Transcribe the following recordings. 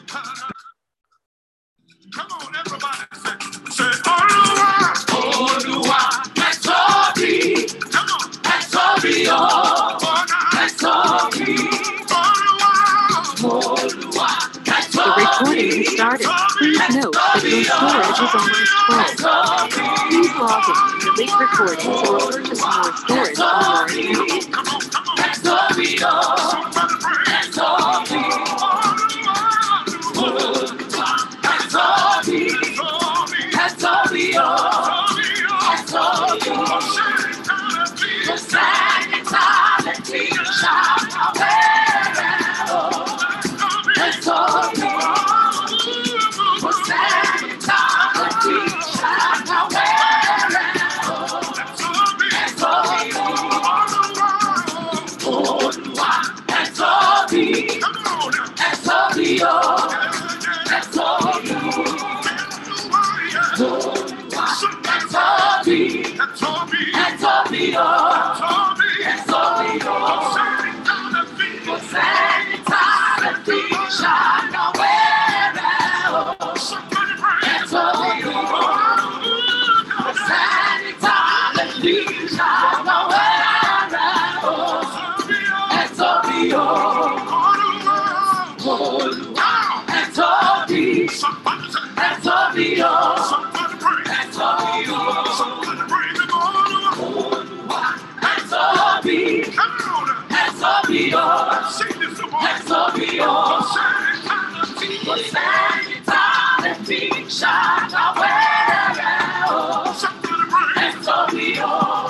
The recording started. Please note that your storage is almost full. Please log in, delete recordings or purchase more storage on your account. Antonio, Antonio, Antonio. The sanitary shall prevail. Antonio, the sanitary shall prevail. Exorbi, Exorbi, Exorbido, Exorbi, Exorbido. i the feet. I'm standing on the Exorbium. Exorbium. Exorbium. Concerning time Let's all be Exorbium.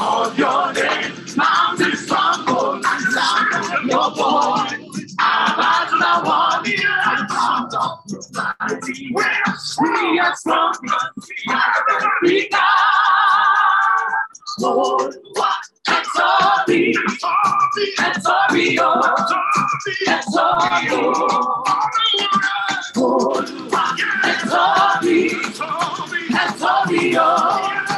Of your name, mountains crumble, sound your voice. Allies of the warriors, and society. We are strong, we are the bigger. Lord, what? Exorbi, Exorbio, Exorbio, Lord, what? Exorbi, Exorbio.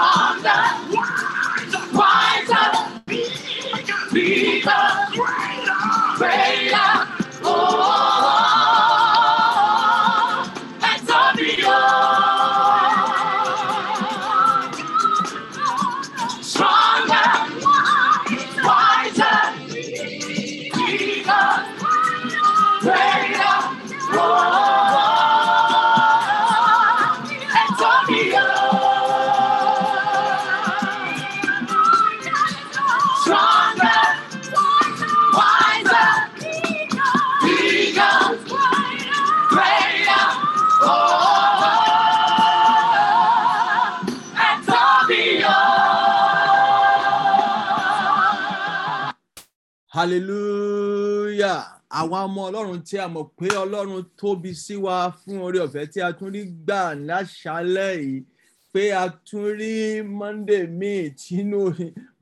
stronger. àwọn ọmọ ọlọ́run tí a mọ̀ pé ọlọ́run tóbi sí wa fún oore ọ̀fẹ́ tí a tún rí gbà láṣálẹ̀ yìí pé a tún rí monday míì tínú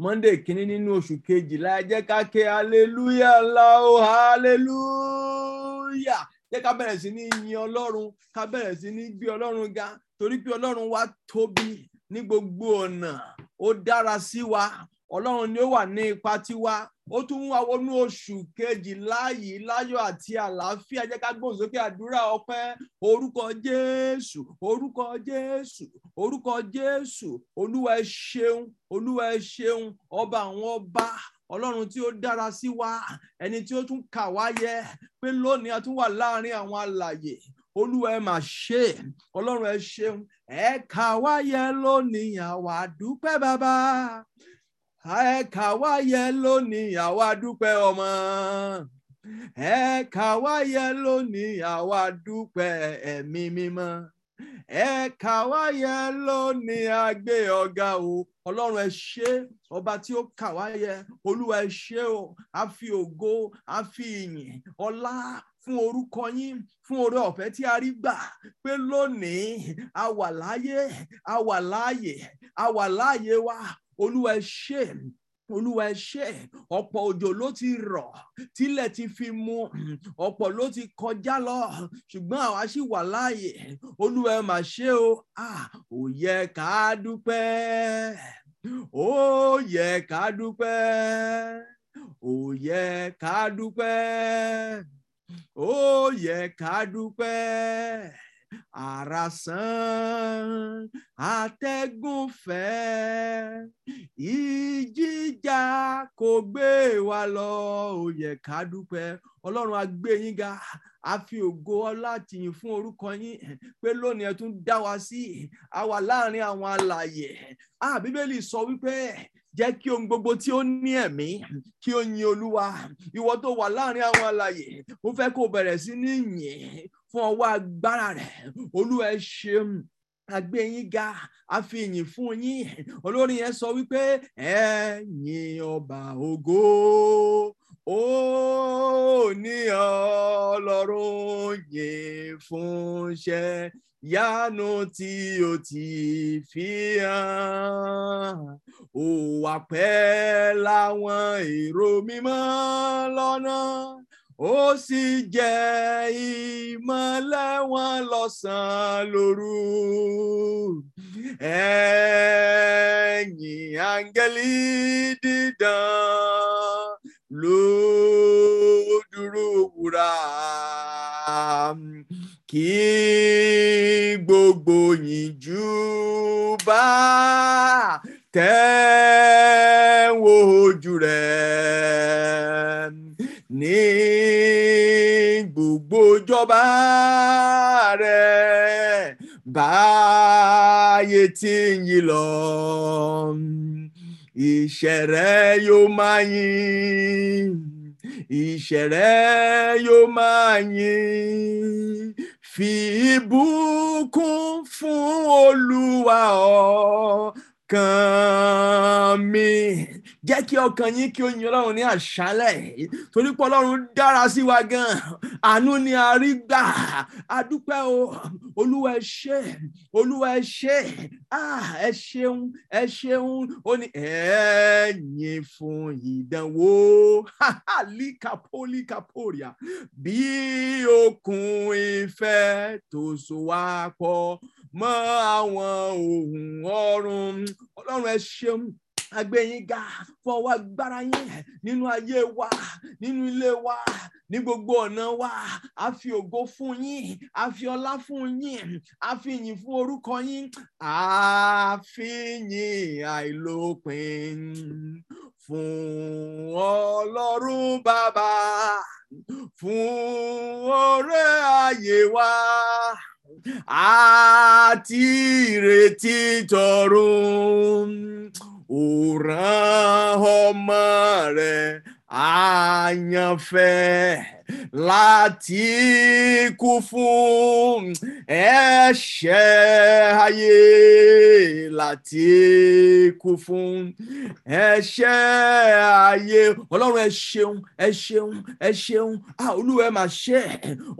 monday kínní nínú oṣù kejìlá ẹ jẹ́ ká ké hallelujah ńlá o hallelujah jẹ́ ká bẹ̀rẹ̀ sí ní yin ọlọ́run ká bẹ̀rẹ̀ sí ní gbé ọlọ́run ga torí pé ọlọ́run wa tóbi ní gbogbo ọ̀nà ó dára sí wa ọlọ́run ni ó wà ní ipa tiwa ó tún wá wọnú oṣù kejìlá yìí láyọ̀ àti àlàáfíà jẹ́ ká gbóhùn sókè àdúrà ọpẹ́ orúkọ jésù orúkọ jésù orúkọ jésù olúwa ẹ ṣeun olúwa ẹ ṣeun ọba àwọn ọba ọlọ́run tí ó dára sí wa ẹni tí ó tún kà wá yẹ pé lónìí a tún wà láàrin àwọn alàyè olúwa ẹ mà ṣe ọlọ́run ẹ ṣeun ẹ kà wá yẹ lónìí àwa dúpẹ́ bàbá ẹ̀ka wáyé lónìí àwa dúpẹ́ ọmọ ẹ̀ka wáyé lónìí àwa dúpẹ́ ẹ̀mí mímọ́ ẹ̀ka wáyé lónìí àgbé ọ̀gá o ọlọ́run ẹ ṣé ọba tí ó kà wáyé olúwa ẹ ṣé o a fi ògo a fi ìyìn ọlá fún orúkọ yín fún oore ọ̀fẹ́ tí a rí gbà pé lónìí a wà láyé a wà láàyè a wà láàyè wa olúwa ẹ ṣé olúwa ẹ ṣé ọ̀pọ̀ òjò ló ti rọ̀ tílẹ̀ ti fi mu ọ̀pọ̀ ló ti kọjá lọ ṣùgbọ́n àwa ṣì wà láàyè olúwa ẹ mà ṣé o ò yẹ ká dúpẹ́ ó yẹ ká dúpẹ́ ó yẹ ká dúpẹ́ ó yẹ ká dúpẹ́ àràsán àtẹ̀gùn fẹ́ ìjìjà kò gbé wa lọ ó yẹ ká dúpẹ́ ọlọ́run a gbé yín ga a fi ògo ọlá tìyìn fún orúkọ yín pé lónìí ẹ tún dá wa sí a wà láàrin àwọn alààyè a bíbélì sọ wípé kí ohun gbogbo tí ó ní ẹ̀mí kí ó yin olúwa ìwọ tó wà láàrin àwọn alààyè mo fẹ́ kó bẹ̀rẹ̀ sí ní yìn fún ọwọ́ agbára rẹ̀ olúwa ẹ ṣeun àgbé yín ga àfihàn fún yín olórin yẹn sọ wípé ẹ̀yin ọba ògo ó ní ọlọ́run yìí fún ṣẹ́ yánu tí o ti fi hàn ó wà pẹ́ láwọn èrò mímọ́ lọ́nà ó sì jẹ́ ìmọ́lẹ̀ wọn lọ́sàn-án lóru ẹ̀yìn áńgẹ́lì dídán ló dúró wúrà kí gbogbo yìnjú bá tẹ́ wo ojú rẹ̀ ní. gbòjọba rẹ̀ báyé tí ń yí lọ ìṣẹ́ rẹ̀ yóò máa yìn ìṣẹ́ rẹ̀ yóò máa yìn fi ìbùkún fún olúwa ọkàn mi jẹ́ kí ọkàn yín kí ó yin ọlọ́run ní àṣálẹ̀ torí pé ọlọ́run dára sí wa gan-an àánú ni a rí gbà a dúpẹ́ o olúwa ẹ ṣé olúwa ẹ ṣé ẹ ṣeun ẹ ṣeun ó ní ẹ̀yìn fún ìdánwò líkàpọ̀ líkàpọ̀ rìà bí okùn ìfẹ́ tó so wá pọ̀ mọ́ àwọn ohun ọ̀run ọlọ́run ẹ ṣeun agbẹ̀yìn ga fọwọ́ agbára yín nínú ayé wa nínú ilé wa ní gbogbo ọ̀nà wa a fi ògo fún yín a fi ọlá fún yín a fi yìn fún orúkọ yín a fi yìn àìlópin fún ọlọ́run bàbá fún oore ayé wa àti ìrètí tọ̀run. Ura homare anya fe láti kú fún ẹ̀ṣẹ̀ ayé láti kú fún ẹ̀ṣẹ̀ ayé ọlọ́run ẹ ṣeun ẹ ṣeun ẹ ṣeun ah olúwa ẹ mà ṣe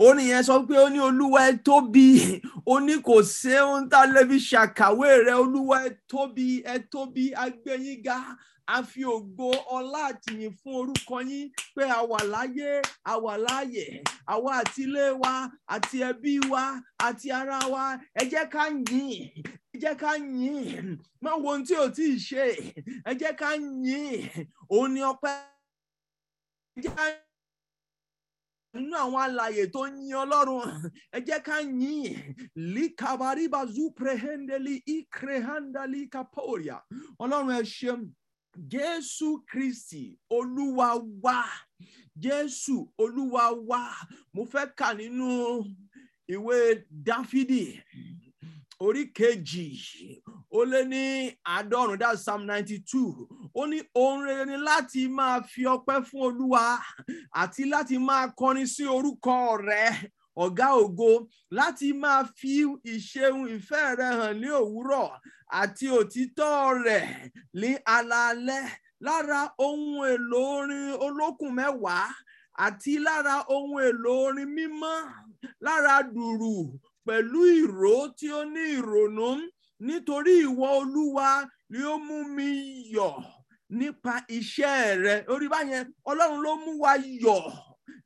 ó nìyẹn sọ pé ó ní olúwa ẹ tóbi ó ní kò séun tá a lè fi ṣàkàwé rẹ olúwa ẹ tóbi ẹ tóbi agbẹ́yìn ga a fi ògo ọlá àtìyìn fún orúkọ yín pé a wà láyé a wà láàyè àwa àti ilé wa àti ẹbí wa àti ara wa ẹ jẹ́ ká yìn ẹ jẹ́ ká yìn má wo ohun tí ò tí ì ṣe ẹ jẹ́ ká yìn òun ni ọpẹ́ nínú àwọn alàyè tó ń yin ọlọ́run ẹ jẹ́ ká yin likabariba zuprehendeli ikrehandali kaporia ọlọ́run ẹ ṣeun jésù kristi olúwa wa jésù olúwa wa mo fẹ́ kà nínú ìwé dáfídì orí kejì ó lé ní àádọ́rùn-ún that's psalm ninety two ó ní ohun rere ni láti máa fi ọpẹ́ fún olúwa àti láti máa kọrin sí orúkọ rẹ̀ ọ̀gá ògo láti máa fi ìṣeun ìfẹ́ rẹ̀ hàn ní òwúrọ̀ àti òtítọ́ rẹ̀ ní alaalẹ́ lára ohun èlò orin olókùn mẹ́wàá àti lára ohun èlò orin mímọ́ lára dùrù pẹ̀lú ìró tí ó ní ìrònú nítorí ìwọ olúwa ni ó mú mi yọ̀ nípa iṣẹ́ rẹ̀ orí báyẹn ọlọ́run ló mú wa yọ̀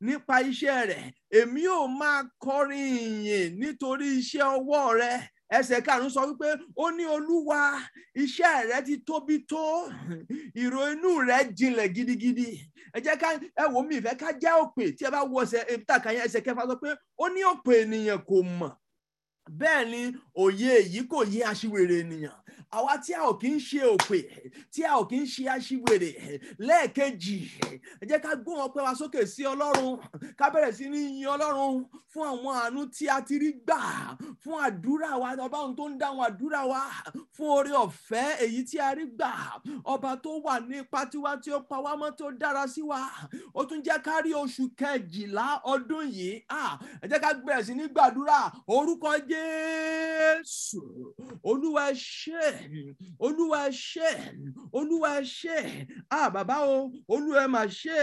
nípa iṣẹ́ rẹ̀ èmi ò máa kọrin ìyìn nítorí iṣẹ́ ọwọ́ rẹ̀ ẹsẹ̀ karùn-ún sọ wípé ó ní olúwa iṣẹ́ rẹ ti tóbi tó ìrò inú rẹ jinlẹ̀ gidigidi ẹ jẹ́ ká ẹ wò mí ìfẹ́ ká jẹ́ òpè tí ẹ bá wọ ẹsẹ̀ ìtàkà yẹn ẹsẹ̀ kẹfà sọ pé ó ní òpè ènìyàn kò mọ̀ bẹ́ẹ̀ ni òye èyí kò yé aṣiwèrè ènìyàn àwa tí a ò kí ń ṣe òpè tí a ò kí ń ṣe aṣiwèrè lẹ́ẹ̀kejì ẹ jẹ́ ká gbóhùn ọpẹ́ wa sókè sí ọlọ́run ká bẹ̀rẹ̀ sí ní yin ọlọ́run fún àwọn àánú tí a ti rí gbà fún àdúrà wa ọba ohun tó ń dáhùn àdúrà wa fún oore ọ̀fẹ́ èyí tí a rí gbà ọba tó wà ní ipa tiwa tí ó pa wá mọ́ tó dára sí wa ó tún jẹ́ ká rí oṣù kẹjìlá ọdún yìí ẹ jẹ́ ká bẹ̀rẹ̀ sí ní gbàdúrà orúkọ jésù olúwa ẹ ṣé olúwa ṣe olúwa ṣe à bàbá o olúwa mà ṣe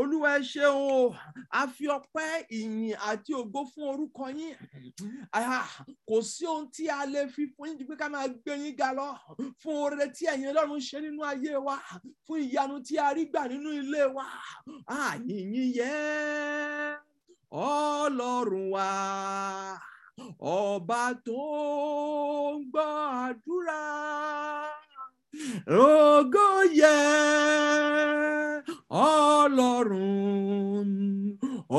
olúwa ṣe o a fi ọpẹ́ ìyìn àti ògo fún orúkọ yín kò sí ohun tí a lè fi fún yín pé ká máa gbé yín ga lọ fún oore tí ẹ̀yin ọlọ́run ṣe nínú ayé wa fún ìyanu tí a rí gbà nínú ilé wa àyìn yín yẹ ọlọ́run wa. ọba tó ń gbọ́ àdúrà ògo yẹ ọlọ́run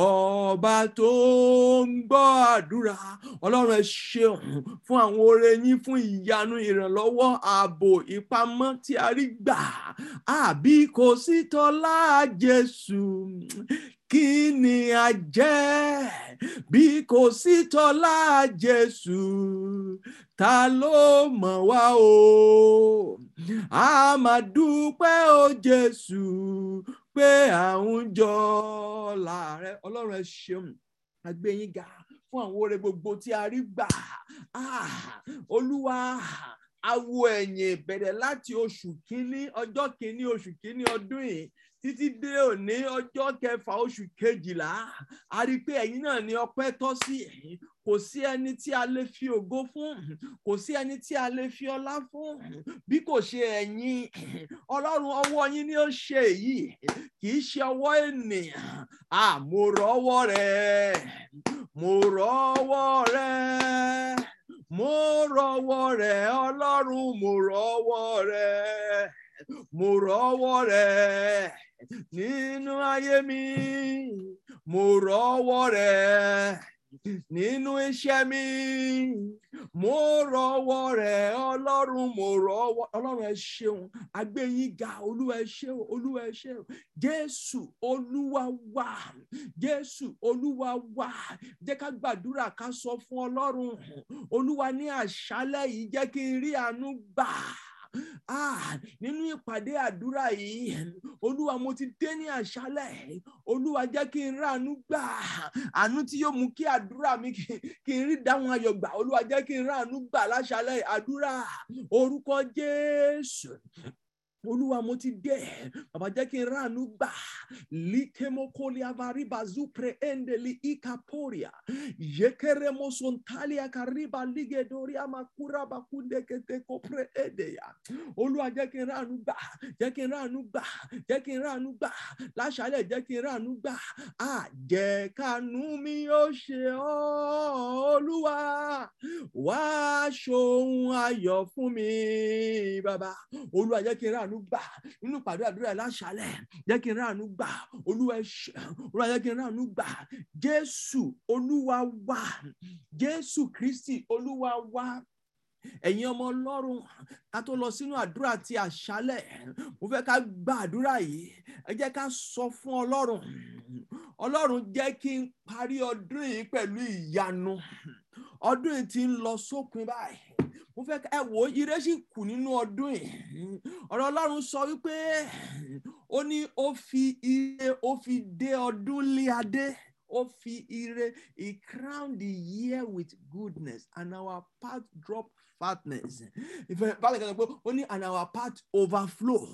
ọba tó ń gbọ́ àdúrà ọlọ́run ẹ ṣeun fún àwọn oore yín fún ìyanu ìrànlọ́wọ́ ààbò ìpamọ́ tí a rí gbà àbí kò sí tọ́lá jésù kí ni a jẹ́ bí kò sí tọ́lá jésù ta ló mọ̀ wá o a máa dúpẹ́ o jésù pé àwùjọ làárẹ̀ ọlọ́run ẹ ṣeun àgbẹ̀yìn ga fún àwọn oore gbogbo tí a rí gbà ah, olúwa awo ẹ̀yìn bẹ̀rẹ̀ láti oṣù kínní ọjọ́ kínní oṣù kínní ọdún yìí títí dé òní ọjọ́ kẹfà oṣù kejìlá a rí i pé ẹ̀yin náà ni ọpẹ́ tọ́ sí ẹ̀yin kò sí ẹni tí a lè fi ògo fún kò sí ẹni tí a lè fi ọlá fún bí kò ṣe ẹ̀yin ọlọ́run ọwọ́ yín ni ó ṣe èyí kì í ṣe ọwọ́ ènìyàn àmọ́ rọ́wọ́ rẹ̀ mo rọ́wọ́ rẹ̀ mo rọ́wọ́ rẹ̀ ọlọ́run mo rọ́wọ́ rẹ̀ mo rọ́wọ́ rẹ̀ nínú ayé mi mo rọ́wọ́ rẹ̀ nínú iṣẹ́ mi mo rọwọ́ rẹ̀ ọlọ́run mo rọwọ́ ọlọ́run ẹ ṣeun agbẹ́yìn ga olúwa ẹ ṣeun olúwa ẹ ṣeun jésù olúwa wà jésù olúwa wà jẹ́ ká gbàdúrà ká sọ fún ọlọ́run olúwa ní àṣálẹ́ yìí jẹ́ kí n rí àánú gbà. ah nínú ìpàdé àdúrà yìí olúwa mo ti dé ní àṣálẹ̀ olúwa jẹ́ kí n ráàánú gbà àánú tí yóò mú kí àdúrà mi kí n rí dáhùn ayọ̀ gbà olúwa jẹ́ kí n ráàánú gbà láṣálẹ̀ àdúrà orúkọ Jésù. olúwa mo ti dé bàbá jẹ́ kí n ráàánú gbà likemokoli avaribazu preendeli ikaporia yekeremo sontalia kariba ligedoria makura bakundekete ko preedeya olúwa jẹ́ kí n ráàánú gbà jẹ́ kí n ráàánú gbà jẹ́ kí n ráàánú gbà láṣálẹ̀ jẹ́ kí n ráàánú gbà á jẹ́ kánú mi ó ṣe ọ́ olúwa wá ṣohun ayọ̀ fún mi bàbá olúwa jẹ́ kí n àánú gbà nínú pàdé àdúrà láṣálẹ̀ jẹ́ kí n ráàánú gbà olúwa ẹ ṣé olúwa jẹ́ kí n ráàánú gbà jésù olúwa wá jésù kristi olúwa wá ẹ̀yin ọmọ ọlọ́run ká tó lọ sínú àdúrà ti àṣálẹ̀ mo fẹ́ ká gba àdúrà yìí ẹ jẹ́ ká sọ fún ọlọ́run ọlọ́run jẹ́ kí n parí ọdún yìí pẹ̀lú ìyanu ọdún yìí ti ń lọ sópin báyìí mo fẹ́ ẹ wò ire sì kù nínú ọdún yìí ọ̀rọ̀ Ọlọ́run sọ wípé ó ní ó fi ire ó fi dé ọdún lé adé ó fi ire he crowned the year with goodness and our path drop fatness ìfẹ́ báyìí kan pé ó ní and our path overflow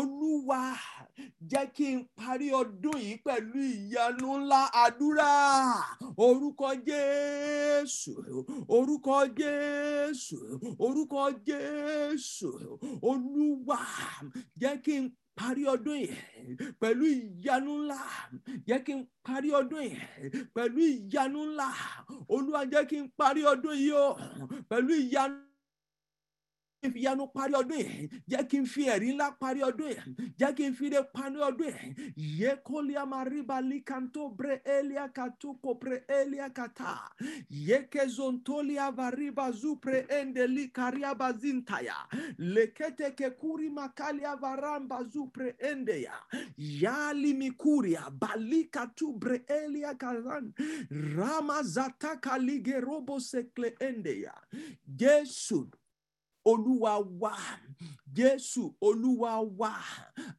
olúwa jẹ́ kí n parí ọdún yìí pẹ̀lú ìyanu ńlá àdúrà orúkọ jésù orúkọ jésù orúkọ jésù olúwa jẹ́ kí n parí ọdún yìí pẹ̀lú ìyanu ńlá jẹ́ kí n parí ọdún yìí pẹ̀lú ìyanu ńlá olúwa jẹ́ kí n parí ọdún yìí o pẹ̀lú ìyanu. kí n fi yanu parí ọdún yìí jẹ́ kí n fi ẹ̀rí ńlá parí ọdún yìí jẹ́ kí n fi ire parí ọdún yìí yẹ kó lè ama ríba likanto bre elia katu ko bre elia kata yẹ kẹ zontoli ava ríba zu pre endeli kariaba zintaya lekete ke kuri makali ava ramba zu pre endeya yali mikuria balika tu bre elia kazan rama zataka lige robo sekle endeya Jésù olúwa wa jésù olúwa wa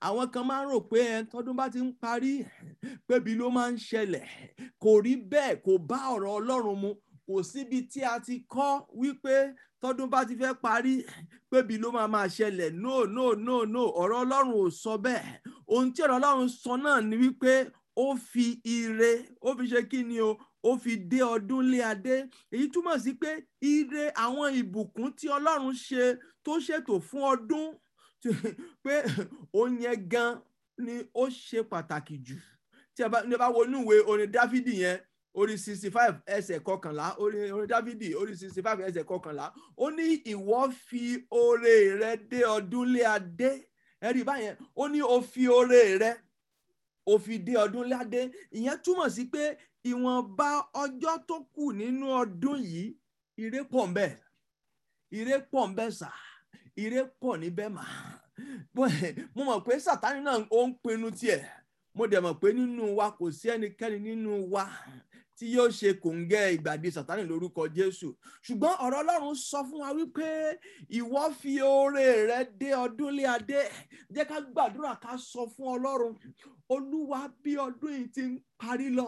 àwọn kan máa ń rò pé ẹ tọdún bá ti ń parí pébi ló máa ń ṣẹlẹ̀ kò rí bẹ́ẹ̀ kò bá ọ̀rọ̀ ọlọ́run mu kò síbi tí a ti kọ́ wípé tọdún bá ti fẹ́ parí pébi ló máa máa ṣẹlẹ̀ no no no no ọ̀rọ̀ ọlọ́run ò sọ bẹ́ẹ̀ ohun tí ọ̀rọ̀ ọlọ́run sọ náà ni wípé ó fi ire ó fi ṣe kí ni o ó fi dé ọdún lé adé èyí túmọ̀ sí pé ire àwọn ìbùkún tí ọlọ́run ṣe tó ṣètò fún ọdún pé òun yẹn gan ni ó ṣe pàtàkì jù tí a bá wọnú ìwé orin dáfídì yẹn orí sixty five ẹsẹ̀ kọkànlá orí dávidi orí sixty five ẹsẹ̀ kọkànlá ó ní ìwọ fi oore rẹ dé ọdún lé adé ẹ̀rí báyẹn ó ní o fi oore rẹ o fi dé ọdún lé adé ìyẹn túmọ̀ sí pé ìwọ̀nba ọjọ́ tó kù nínú ọdún yìí ire pọ̀ ńbẹ̀ ire pọ̀ ńbẹ̀ sà ire pọ̀ níbẹ̀ mà mo mọ̀ pé sàtánì náà ó ń pinnu tiẹ̀ mo dẹ̀ mọ̀ pé nínú wa kò sí ẹnikẹ́ni nínú wa tí yóò ṣe kòǹgẹ́ ìgbàdí sàtánì lórúkọ jésù ṣùgbọ́n ọ̀rọ̀ ọlọ́run sọ fún wa wípé ìwọ fi oore rẹ dé ọdún lé adé jẹ́ ká gbàdúrà ká sọ fún ọlọ́run olúwa bí ọdún yìí ti ń parí lọ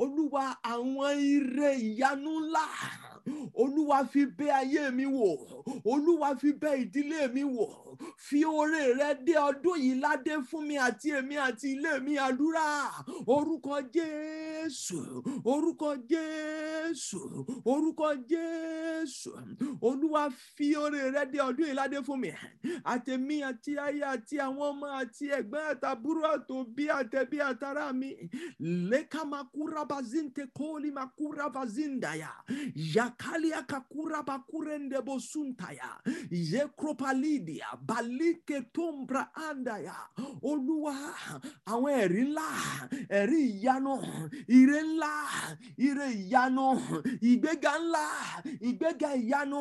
olúwa àwọn ire ìyanu ńlá olúwa fi bẹ̀ ayé mi wò olúwa fi bẹ̀ ìdílé mi wò fi oore rẹ dé ọdún yìí ládé fún mi àti èmi àti ilé mi àdúrà orúkọ jésù orúkọ jésù orúkọ jésù olúwa fi oore rẹ dé ọdún yìí ládé fún mi àtèmi àti aya àti àwọn ọmọ àti ẹ̀gbọ́n àtàbúrò àtò bí àtẹ bí àtàrà mi lẹ́ka makura bazinte koli makura bazindaya yakalia kakura bakurende bosuntaya yekropalidia balike tombra andaya olúwa àwọn ẹ̀rí ńlá ẹ̀rí ìyanu ire ńlá ire ìyanu ìgbéga ńlá ìgbéga ìyanu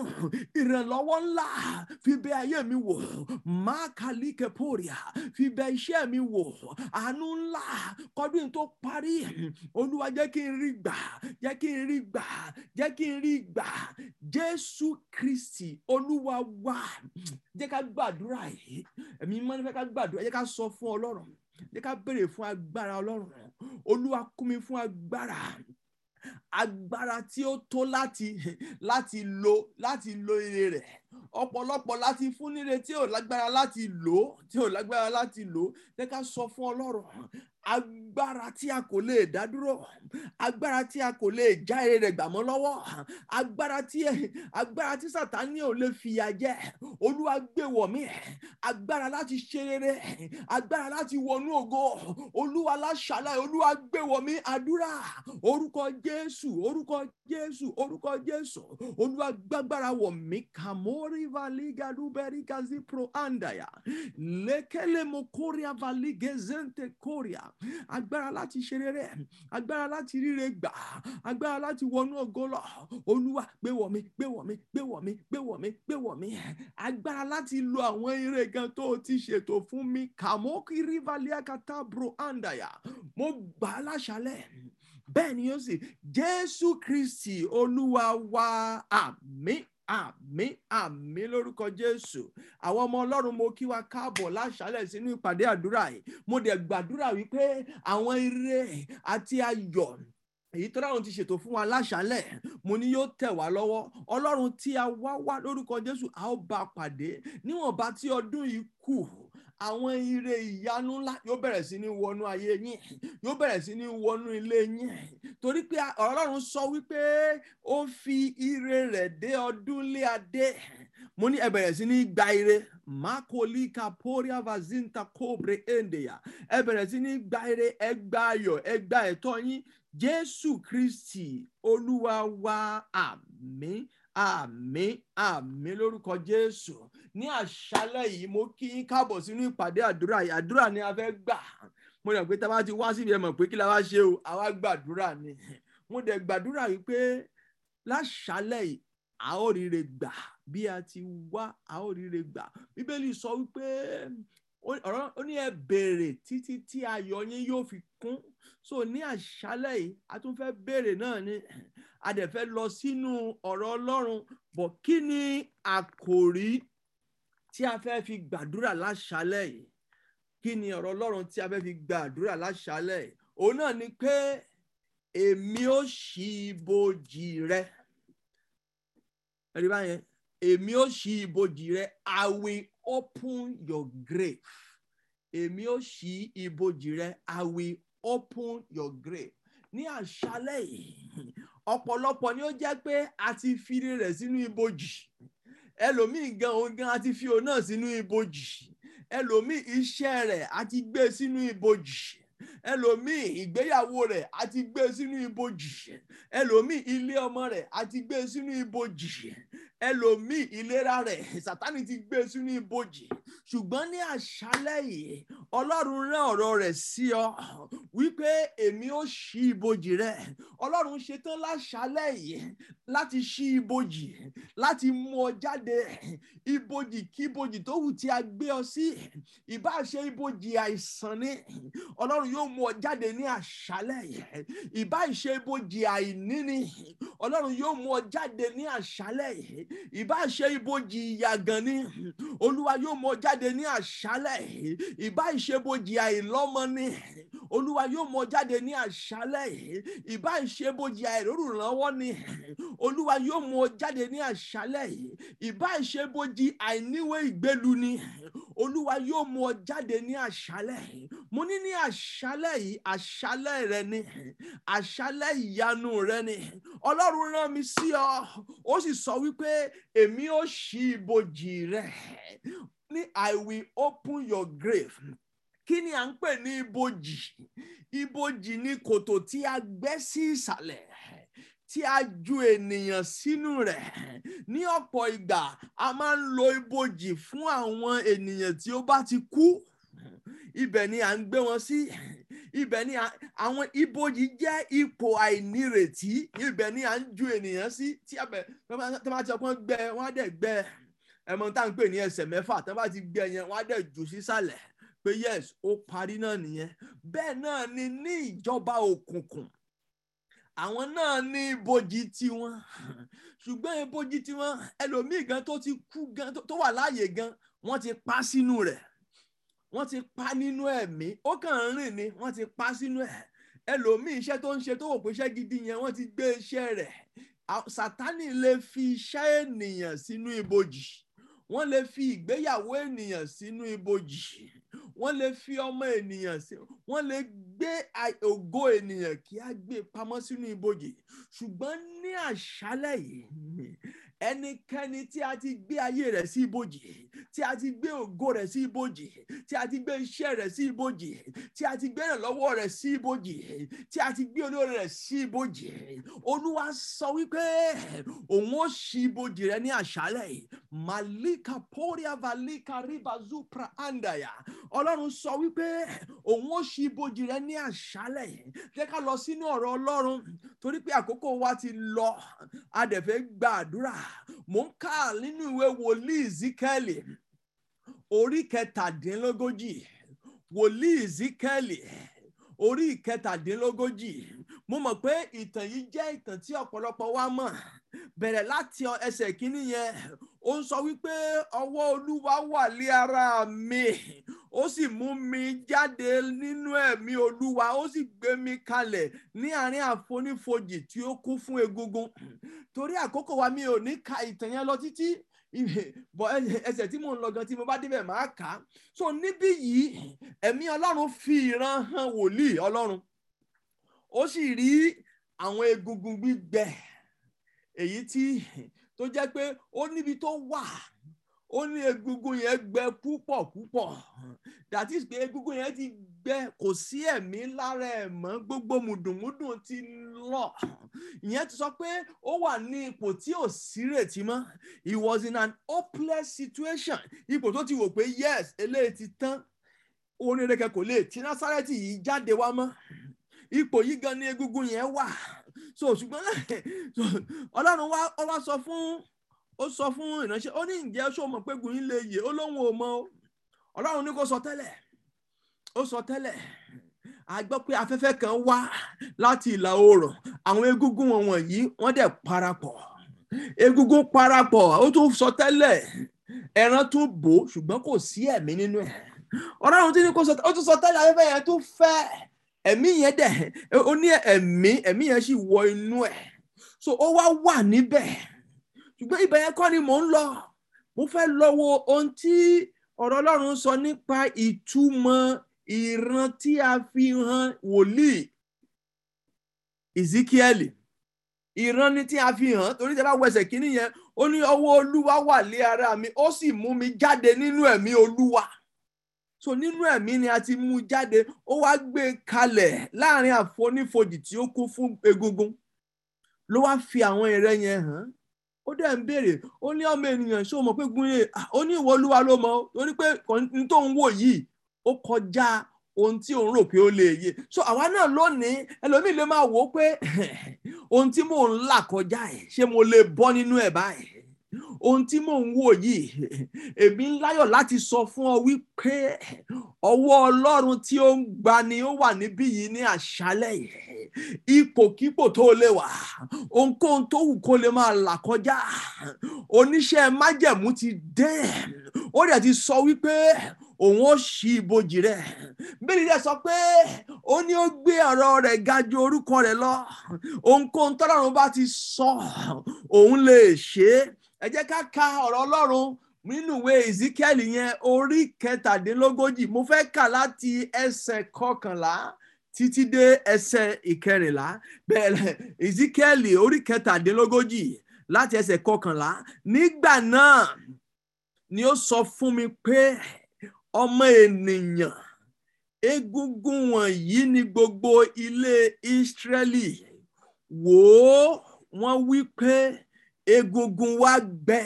ìrànlọ́wọ́ ńlá fi bẹ ayé mi wò máa kàlíkẹ́ pòríà fi bẹ iṣẹ́ mi wò àánú ńlá kọ́dún tó parí olúwa jẹ́ kí n rí gbà jẹ́ kí n rí gbà jẹ́ kí n rí gbà jésù kristi olúwa wá jẹ́ ká gbàdúrà yìí ẹ̀mí mọ́ ní fẹ́ ká gbàdúrà jẹ́ ká sọ fún ọlọ́run jẹ́ ká béèrè fún agbára ọlọ́run olúwa kún mi fún agbára agbára tí ó tó láti láti lo láti lo ire rẹ̀ ọ̀pọ̀lọpọ̀ láti fún níre tí ò lágbára láti lò tí ò lágbára láti lò jẹ́ ká sọ fún ọlọ́run agbára tí a kò lè dá dúró agbára tí a kò lè já èrè rẹ̀ gbà mọ́ lọ́wọ́ agbára tí agbára tí sátani ò lè fìyà jẹ olúwa gbé wọ̀ mí agbára láti ṣe rere agbára láti wọnú ògo olúwa láṣàlàyé àdúrà orúkọ jésù orúkọ jésù orúkọ jésù olúwa gbàgbára mí kàmórí valiga dúbẹ́rí kazi pro andaya lékele mo kórìà valigezente kórìà agbára láti ṣe rere agbára láti ríre gbà agbára láti wọnú ògo lọ olúwa gbé wọ̀ mí gbé wọ̀ mí gbé wọ̀ mí gbé wọ̀ mí gbé wọ̀ mí agbára láti lo àwọn ire gan tó o ti ṣètò fún mi kàmókì rivaliakata bro andaya mo gbà á láṣálẹ̀ bẹ́ẹ̀ ni yóò sì jésù kristi olúwa wa àmín àmín àmín lórúkọ jésù àwọn ọmọ ọlọ́run mo kí wa káàbọ̀ láṣálẹ̀ sínú ìpàdé àdúrà yìí mo dẹ̀ gbàdúrà wípé àwọn ire àti ayọ̀ èyí tó dáhùn ti ṣètò fún wa láṣálẹ̀ mo ní yóò tẹ̀ wá lọ́wọ́ ọlọ́run tí a wá wá lórúkọ jésù a ó bá pàdé níwọ̀nba tí ọdún yìí kù àwọn ire ìyanu ńlá yóò bẹ̀rẹ̀ sí ní wọnú ayé yín yóò bẹ̀rẹ̀ sí ní wọnú ilé yín torí pé ọlọ́run sọ wípé ó fi ire rẹ̀ dé ọdún lé adé mo ní ẹ bẹ̀rẹ̀ sí ní gba ire makolika poria vazinta kobre endeya ẹ bẹ̀rẹ̀ sí ní gba ire ẹ gba ayọ̀ ẹ gba ẹ̀tọ́ yín jésù kristi olúwa wa àmín àmín àmín lórúkọ jésù ní àṣálẹ́ yìí mo kí yín káàbọ̀ sínú ìpàdé àdúrà yìí àdúrà ni a fẹ́ gbà mo yàn pé tá a bá ti wá síbi ẹ pé kí la wá ṣe o àwa gbàdúrà ni mo dẹ̀ gbàdúrà wípé láṣálẹ́ yìí a ó ríre gbà bí a ti wá a ó ríre gbà bíbélì sọ wípé ó ní ẹ béèrè títí tí ayọ̀ yín yóò fi kún so ní àṣálẹ́ yìí a tún fẹ́ béèrè náà ni a dẹ̀ fẹ́ lọ sínú ọ̀rọ̀ ọlọ́run bọ̀ kí ni àkòrí tí a fẹ́ fi gbàdúrà láṣálẹ̀ yìí kí ni ọ̀rọ̀ ọlọ́run tí a fẹ́ fi gbàdúrà láṣálẹ̀ yìí òun náà ni pé èmi ó ṣí ibojì rẹ ẹ̀rí báyẹn èmi ó ṣí ibojì rẹ I will open your grave èmi ó ṣí ibojì rẹ I will open your grave ní àṣálẹ̀ yìí ọ̀pọ̀lọpọ̀ ni ó jẹ́ pé a ti fi rẹ̀ sínú ibojì ẹlòmíì gan òun gan a ti fi òun náà sínú ibojì ẹlòmíì iṣẹ́ rẹ̀ a ti gbé sínú ibojì ẹlòmíì ìgbéyàwó rẹ̀ a ti gbé sínú ibojì ẹlòmíì ilé ọmọ rẹ̀ a ti gbé sínú ibojì ẹlòmíì ìlera rẹ̀ sátánì ti gbé sínú ibojì ṣùgbọ́n ní àṣálẹ́ yìí ọlọ́run rán ọ̀rọ̀ rẹ̀ sí ọ wípé èmi ó ṣí ibojì rẹ ọlọ́run ṣetán láṣálẹ̀ yìí láti ṣí ibojì láti mú ọ jáde ibojì kí ibojì tó wù tí a gbé ọ sí ìbá ṣe ibojì àìsàn ni ọlọ́run yóò mú ọ jáde ní àṣálẹ̀ yìí ìbá ṣe ibojì àìní ni ọlọ́run yóò mú ọ jáde ní àṣálẹ̀ yìí ìbá ṣe ibojì ìyàgàn ni olúwa yóò mú ọ jáde ní àṣálẹ̀ yìí ìbá ṣe ibojì àìlọ́mọ ni olúwa yóò mọ jáde ní àṣálẹ́ yìí ìbá ìṣe bójì àìrórùrànwọ́ ni olúwa yóò mọ jáde ní àṣálẹ́ yìí ìbá ìṣe bójì àìníwé ìgbélu ni olúwa yóò mọ jáde ní àṣálẹ́ yìí mo ní ní àṣálẹ́ yìí àṣálẹ́ rẹ ni àṣálẹ́ ìyanu rẹ ni ọlọ́run rán mi sí ọ ó sì sọ wípé èmi ó ṣí ibojì rẹ ni I will open your grave kí ni à ń pè ní ibojì ibojì ni kòtò tí a gbẹ́ sí ìsàlẹ̀ tí a ju ènìyàn sínú rẹ̀ ní ọ̀pọ̀ ìgbà a máa ń lo ibojì fún àwọn ènìyàn tí ó bá ti kú ibẹ̀ ni à ń gbé wọn sí ibẹ̀ ni àwọn ibojì jẹ́ ipò àìnírètí ibẹ̀ ni à ń ju ènìyàn sí tí abẹ tí wọ́n ti ọpọ́n gbẹ wọ́n á dẹ̀ gbẹ ẹ̀mọ́ tá à ń pè ní ẹsẹ̀ mẹ́fà tí wọ́n bá ti gbẹ yẹn wọ́n á dẹ̀ jù sísàlẹ̀ pé yes ó parí náà nìyẹn bẹ́ẹ̀ náà ni ní ìjọba òkùnkùn àwọn náà ní ibojì tiwọn ṣùgbọ́n ibojì tiwọn ẹlòmíì gan tó ti kú gan tó wà láàyè gan wọ́n ti pa sínú rẹ̀ wọ́n ti pa nínú ẹ̀mí ó kàn ń rìn ni wọ́n ti pa sínú ẹ̀ ẹlòmíì iṣẹ́ tó ń ṣe tó wò pé iṣẹ́ gidi yẹn wọ́n ti gbé iṣẹ́ rẹ̀ sátánì lè fi iṣẹ́ ènìyàn sínú ibojì wọ́n lè fi ìgbéyàwó ènìyàn sínú ibojì wọ́n lè fi ọmọ ènìyàn sí wọ́n lè gbé ògo ènìyàn kí á gbé pamọ́ sínú ibojì ṣùgbọ́n ní àṣálẹ̀ yìí ẹnikẹ́ni tí a ti gbé ayé rẹ̀ sí ibojì tí a ti gbé ògo rẹ̀ sí ibojì tí a ti gbé iṣẹ́ rẹ̀ sí ibojì tí a ti gbé ìrànlọ́wọ́ rẹ̀ sí ibojì tí a ti gbé olóore rẹ̀ sí ibojì olúwa sọ wípé òun ó ṣí ibojì rẹ̀ ní àṣálẹ̀ malika poria valika ribazu praandaya ọlọ́run sọ wípé òun ó ṣí ibojì rẹ̀ ní àṣálẹ̀ jẹ́ ká lọ sínú ọ̀rọ̀ ọlọ́run torí pé àkókò wa ti lọ a dẹ̀ mò ń kà nínú ìwé wòlíì zikẹ́lì orí kẹtàdínlógójì wòlíì zikẹ́lì orí kẹtàdínlógójì mo mọ̀ pé ìtàn yìí jẹ́ ìtàn tí ọ̀pọ̀lọpọ̀ wa mọ̀ bẹ̀rẹ̀ láti ẹsẹ̀ kínní yẹn ó ń sọ wípé ọwọ́ olúwa wà lé ara mi ó sì mú mi jáde nínú ẹ̀mí olúwa ó sì gbé mi kalẹ̀ ní àárín àfonífojì tí ó kún fún egungun torí àkókò wa mi ò ní ka ìtàn yẹn lọ títí bọ ẹsẹ̀ tí mò ń lọ gan tí mo bá débẹ̀ máa kà á so níbí yìí ẹ̀mí ọlọ́run fi ìran hàn wòlíì ọlọ́run ó sì rí àwọn egungun gbígbẹ èyí tí tó jẹ́ pé ó níbi tó wà ó ní egungun yẹn gbẹ púpọ̀ púpọ̀ that is pé egungun yẹn ti gbẹ kò sí ẹ̀mí lára ẹ̀ mọ́ gbogbo mùdùnmùdùn ti lọ ìyẹn ti sọ pé ó wà ní ipò tí ò sírètí mọ́ he was in an hopeless situation ipò tó ti wò pé yes eléyìí ti tán orin rẹ̀ kẹ́ kò lè tí násàrẹ́tì yìí jáde wá mọ́ ipò yìí gan ni egungun yẹn wà so ṣùgbọ́n ọlọ́run wá ọ wá sọ fún ó sọ fún ìránṣẹ́ ó ní ǹjẹ́ ṣó mọ̀ pé gùn lè yè ó lóun ò mọ̀ ọlọ́run ní kó sọ tẹ́lẹ̀ ó sọ tẹ́lẹ̀ a gbọ́ pé afẹ́fẹ́ kan wá láti ìlà oòrùn àwọn egungun wọn wọ̀nyí wọ́n dẹ̀ parapọ̀ egungun parapọ̀ ó tún sọ tẹ́lẹ̀ ẹran tún bò ṣùgbọ́n kò sí ẹ̀mí nínú ẹ̀ ọlọ́run tún ní kó sọ tẹ́lẹ̀ afẹ́fẹ́ yẹn tún fẹ́ ẹ̀mí yẹn dẹ̀ ó ní ẹ̀mí ẹ̀mí yẹn sì wọ inú ẹ̀ so ó wá wà níbẹ̀ ṣùgbọ́n ibẹ̀ yẹn kọ́ ni mò ń lọ mo fẹ́ lọ wo ohun tí ọ̀rọ̀ Ọlọ́run sọ nípa ìtumọ̀ ìran tí a fi hàn wòlíì Ezekiel ìran ni tí a fi hàn torí tí a bá wẹsẹ̀ kínní yẹn ó ní ọwọ́ Olúwa wà lé ara mi ó sì mú mi jáde nínú ẹ̀mí Olúwa so nínú ẹ̀mí ni a ti mú jáde ó wá gbé e kalẹ̀ láàrin àfonífojì tí ó kún fún egungun ló wá fi àwọn ère yẹn hàn ó dẹ̀ ń béèrè ó ní ọmọ ènìyàn ṣé o mọ̀ pé gúnlẹ̀ ah, ó ní ìwọ olúwa ló mọ̀ torí pé n tó ń wò yìí ó kọjá ohun tí òun rò pé ó lè yé so àwa náà lónìí ẹlòmíì lè máa wò ó pé ohun tí mò ń là kọjá ẹ̀ ṣé mo lè bọ́ nínú ẹ̀ báyìí ohun tí mò ń wò yìí èmi ń láyọ̀ láti sọ fún ọ wípé ọwọ́ ọlọ́run tí ó ń gbani ó wà níbí yìí ní àṣálẹ̀ yìí ipòkípò tó lè wà ohunkóhun tó wù kó lè máa là kọjá oníṣẹ́ májẹ̀mú ti dé ó dẹ̀ ti sọ wípé òun ó ṣí ibojì rẹ̀ bíbélì rẹ̀ sọ pé ó ní ó gbé ọ̀rọ̀ rẹ̀ ga ju orúkọ rẹ̀ lọ ohunkóhun tọ́lọ́run bá ti sọ òun lè ṣe é ẹ jẹ́ ká ka ọ̀rọ̀ ọlọ́run nínú ìwé ezekiel yẹn orí kẹtàdínlógójì mo fẹ́ kà láti ẹsẹ̀ kọkànlá títí dé ẹsẹ̀ ìkẹrìnlá bẹ́ẹ̀ ezekiel orí kẹtàdínlógójì láti ẹsẹ̀ kọkànlá nígbà náà ni ó sọ fún mi pé ọmọ ènìyàn egungun wọ̀nyí ni gbogbo ilé ìsírẹ́lì wò ó wọ́n wí pé egungun wa gbẹ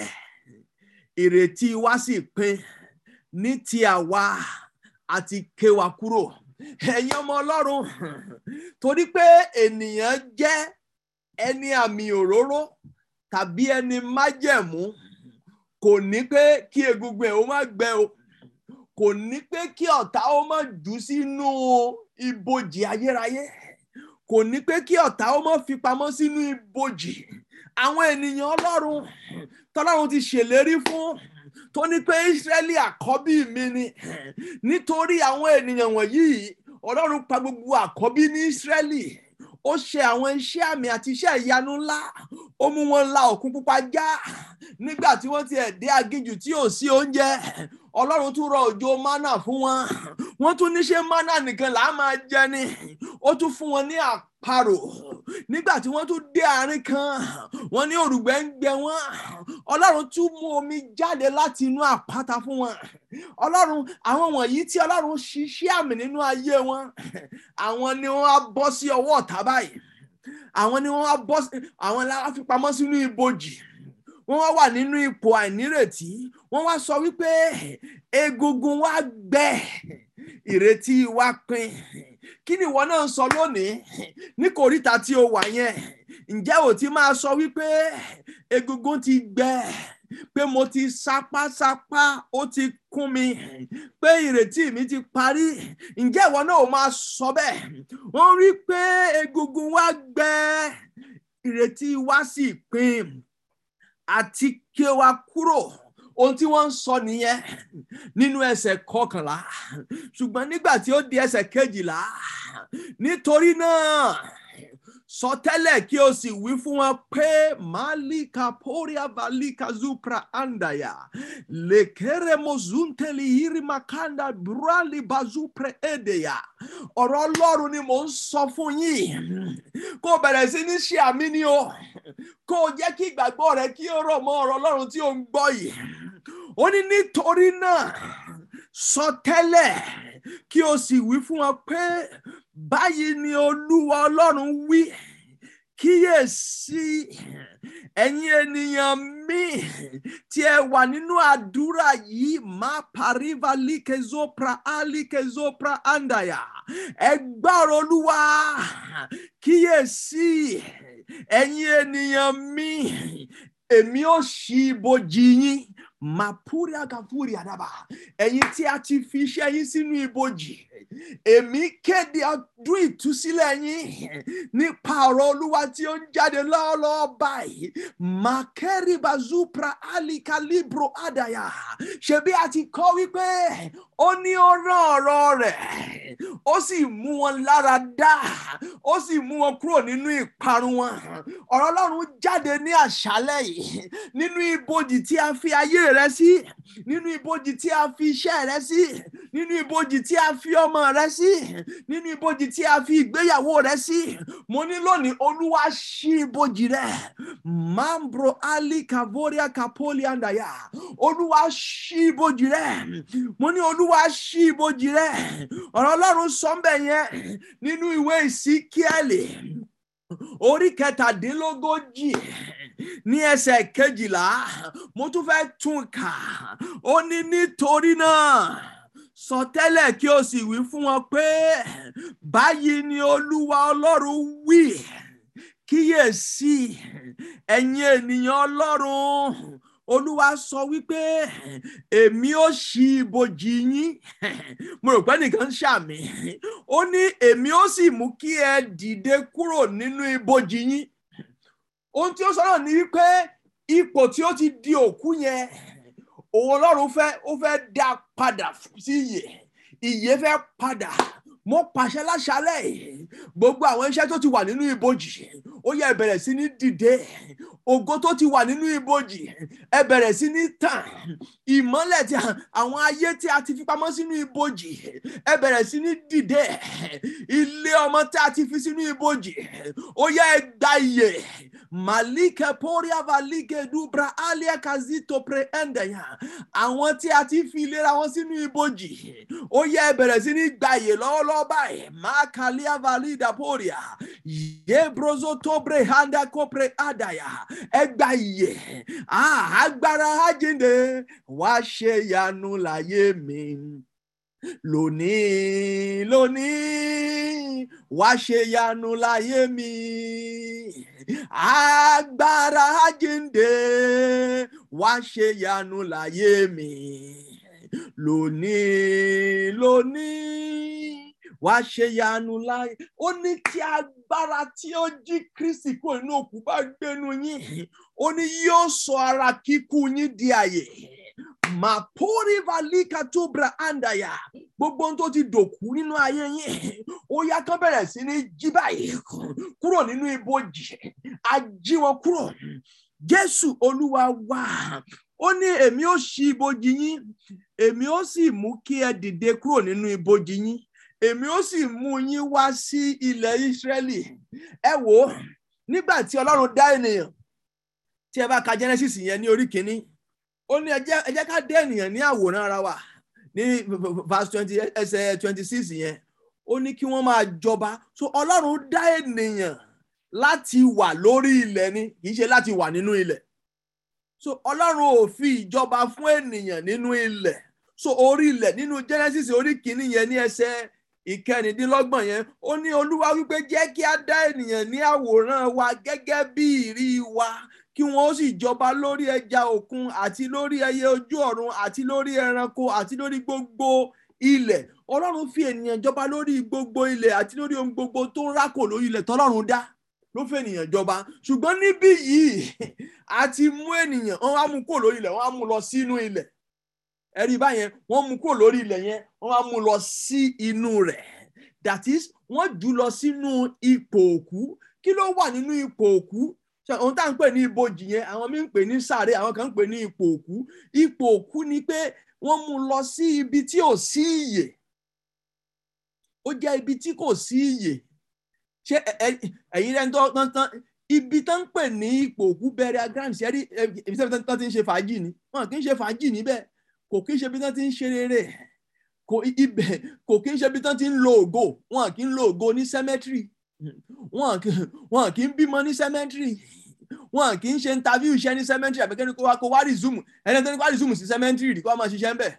ìrètí wa sì pin ní ti àwa àti ké wa kúrò ẹ̀yin ọmọ ọlọ́run torí pé ènìyàn jẹ́ ẹni àmì òróró tàbí ẹni májẹ̀mú kò ní pé kí egungun ẹ̀ ó má gbẹ o kò ní pé kí ọ̀tá ó má jù sínú ibojì ayérayé kò ní pé kí ọ̀tá ó má fi pamọ́ sínú ibojì àwọn ènìyàn ọlọ́run tọ́lọ́run ti ṣèlérí fún tó ní pé Ísírẹ́lì àkọ́bí mi ni nítorí àwọn ènìyàn wọ̀nyí ọlọ́run pa gbogbo àkọ́bí ní Ísírẹ́lì ó ṣe àwọn iṣẹ́ àmì àti iṣẹ́ ìyanu ńlá ó mú wọn la òkun pupa já nígbà tí wọ́n ti ẹ̀dẹ́ aginjù tí ò sí oúnjẹ ọlọ́run tún rọ òjò mánà fún wọn wọ́n tún níṣẹ́ mánà nìkan là máa jẹ ni ó tún fún wọn ní àpò parò nígbà tí wọ́n tún dé àárín kan wọ́n ní òrùgbẹ́ ń gbẹ wọ́n ọlọ́run tún mú omi jáde láti inú àpáta fún wọn ọlọ́run àwọn wọ̀nyí tí ọlọ́run ṣiṣẹ́ àmì nínú ayé wọn àwọn ni wọ́n á bọ́ sí ọwọ́ ọ̀tá báyìí àwọn ni wọ́n á bọ́ sí àwọn la fi pamọ́ sínú ibojì wọ́n wá wà nínú ipò àìnírètí wọ́n wá sọ wípé egungun wa gbẹ ìrètí wa pin kí ni ìwọ náà ń sọ lónìí ní kòríta tí o wà yẹn ǹjẹ́ ò ti máa sọ wípé egungun ti gbẹ pé mo ti sapásapá ó ti kún mi pé ìrètí mi ti parí ǹjẹ́ ìwọ náà ò máa sọ bẹ́ẹ̀ ó rí pé egungun wa gbẹ ìrètí wa sì pin àti ké wa kúrò ohun tí wọ́n ń sọ nìyẹn nínú ẹsẹ̀ kọkànlá ṣùgbọ́n nígbà tí ó di ẹsẹ̀ kejìlá nítorí náà sọ tẹ́lẹ̀ kí o sì wí fún wọn pé malika poria balika zupra andaya lekere mozunteli hirimakanda brali bazupre edeya ọ̀rọ̀ ọlọ́run ni mò ń sọ fún yín kó o bẹ̀rẹ̀ sí ní ṣe àmì ni o kó o jẹ́ kí ìgbàgbọ́ rẹ kí o rọ̀ mọ́ ọ̀rọ̀ ọlọ́run tí o ń gbọ́ yìí ó ní nítorí náà sọ tẹ́lẹ̀ kí o sì wí fún wọn pé báyìí ni olúwa ọlọ́run wí kíyèsí ẹ̀yin ènìyàn mi tí ẹ wà nínú àdúrà yìí má pariva likezopra alikezopra andaya ẹgbàrún olúwa kíyèsí ẹ̀yin ènìyàn mi èmi ò ṣí ibojì yín mapuria gafuria daba ẹyin tí a ti fi iṣẹ́ yín sínú ibojì èmi kéde ọdún ìtúsílẹ̀ yín nípa ọ̀rọ̀ olúwa tí ó ń jáde lọ́ọ́lọ́ọ́ báyìí makeriba zupra alika libro adaya ṣebí a ti kọ́ wípé ó ní ó rán ọ̀rọ̀ rẹ̀ ó sì mú wọn lára dá ó sì mú wọn kúrò nínú ìparun wọn ọ̀rọ̀ ọlọ́run jáde ní àṣálẹ̀ yìí nínú ibojì tí a fi ayé rẹ sí nínú ibojì tí a fi iṣẹ́ rẹ sí nínú ibojì tí a fi ọmọ rẹ sí nínú ibojì tí a fi ìgbéyàwó rẹ sí mo ní lónìí olúwa ṣí ibojì rẹ mambro ali kavoria kapoli andaya olúwa ṣí ibojì rẹ mo ní olúwa ṣí ibojì rẹ ọ̀rọ̀ ọlọ́run sọ́ńbẹ̀ yẹn nínú ìwé ìsíkíẹ́lì orí kẹtàdínlógójì ní ẹsẹ̀ kejìlá mo tún fẹ́ tún kà ó ní nítorí náà sọ tẹ́lẹ̀ kí o sì wí fún wọn pé báyìí ni olúwa ọlọ́run wí kíyèsí ẹ̀yin ènìyàn ọlọ́run olúwa sọ wípé èmi ó ṣí ibojì yín mo rò pé nìkan ṣàmì ó ní èmi ó sì mú kí ẹ dìde kúrò nínú ibojì yín ohun tí ó sọ náà ni wípé ipò tí ó ti di òkú yẹn òun ọlọ́run fẹ́ ó fẹ́ dá padà sí ìyè ìyè fẹ́ padà mo pàṣẹ láṣálẹ̀ gbogbo àwọn iṣẹ́ tó ti wà nínú ibojì ó yẹ bẹ̀rẹ̀ sí ní dìde ògo tó ti wà nínú ibojì ẹ bẹ̀rẹ̀ sí ní tàn ìmọ́lẹ̀ tí àwọn ayé tí a ti fi pamọ́ sínú ibojì ẹ bẹ̀rẹ̀ sí ní dìde ilé ọmọ tí a ti fi sínú ibojì ó yẹ ẹ gba iyè màlíkẹ pọ́ríà valíkẹ dúbra alẹ́ kazi tó pre ẹ̀ndẹ̀yà àwọn tí a ti fi ìlera wọn sínú ibojì ó yẹ ẹ bẹ̀rẹ̀ sí ní gba iyè lọ́wọ́lọ́wọ́ báyìí má kàlíà valídà pọ́ríà yé brozo tó pre handa kó pre àdàyà ẹ gba ìyè agbára ajíǹde wá ṣe ìyanu láyé mi lónìí lónìí wá ṣe ìyanu láyé mi agbára ajíǹde wá ṣe ìyanu láyé mi lónìí lónìí wàá ṣe yanu láyé ó ní tí agbára tí ó jí Kristi kúrò nínú òkú bá gbénu yín ó ní yóò sọ ara kíkú yín di àyè màpórí valika tó bra andaya gbogbo ohun tó ti dòkú nínú ayé yín ó yá kán bẹ̀rẹ̀ sí ní jí báyìí kúrò nínú ibojì a jí wọn kúrò Jésù Olúwa wá ó ní èmi ó ṣí ibojì yín èmi ó sì mú kí ẹ dìde kúrò nínú ibojì yín èmi ó sì mú yín wá sí ilẹ̀ Ísírẹ́lì ẹ wò ó nígbà tí Ọlọ́run dá ènìyàn tí ẹ bá ka Genesis yẹn ní orí kìíní ó ní ẹ ká dá ènìyàn ní àwòrán ara wa ní verse twenty ẹsẹ̀ twenty six yẹn ó ní kí wọ́n máa jọba so Ọlọ́run dá ènìyàn láti wà lórí ilẹ̀ ni kì í ṣe láti wà nínú ilẹ̀ so Ọlọ́run ò fi ìjọba fún ènìyàn nínú ilẹ̀ so orí ilẹ̀ nínú Genesis orí kìíní yẹn ní ẹsẹ̀ ìkẹrìndínlọ́gbọ̀n yẹn ó ní olúwa wípé jẹ́ kí a dá ènìyàn ní àwòrán wa gẹ́gẹ́ bí ìrí wa kí wọn ó sì jọba lórí ẹja òkun àti lórí ẹyẹ ojú ọ̀run àti lórí ẹranko àti lórí gbogbo ilẹ̀ ọlọ́run fi ènìyàn jọba lórí gbogbo ilẹ̀ àti lórí ohun gbogbo tó ń rákò lórí ilẹ̀ tọ́lọ́run dá ló fẹ́ ènìyàn jọba ṣùgbọ́n níbí yìí a ti mú ènìyàn wọn á mú kó lórí ilẹ̀ wọn á mú lọ sínú ilẹ̀ ẹ̀rí báyẹn wọ́n mú kúrò lórí ilẹ̀ yẹn wọ́n wá mú lọ sí inú rẹ̀ that is wọ́n jù lọ sínú ipò òkú kí ló wà nínú ipò òkú ohun tá à ń pè ní ibojì yẹn àwọn míì ń pè ní sàárè àwọn kan ń pè ní ipò òkú ipò òkú ni pé wọ́n mú lọ sí ibi tí ò sí ìyè ó jẹ́ ibi tí kò sí ìyè ṣé ẹ̀yin rẹ̀ ń tọ́ tán tán ibi tó ń pè ní ipò òkú burial ground ṣe rí ibi tó ń ti ń ṣe fàájì ni wọn kì í ṣe fàájì níbẹ̀ kò kí ń ṣe ibi tán ti ń ṣe rere kò ibẹ̀ kò kí ń ṣe ibi tán ti ń lo ògo wọn kì í lo ògo ní cemetery wọn kì í bímọ ní cemetery wọn kì í ṣe interview iṣẹ́ ní cemetery àbẹ̀kẹ́ni kó wá kó wá resume ẹni tó ní kó wá resume sí cemetery rí kó wá máa ṣiṣẹ́ ń bẹ̀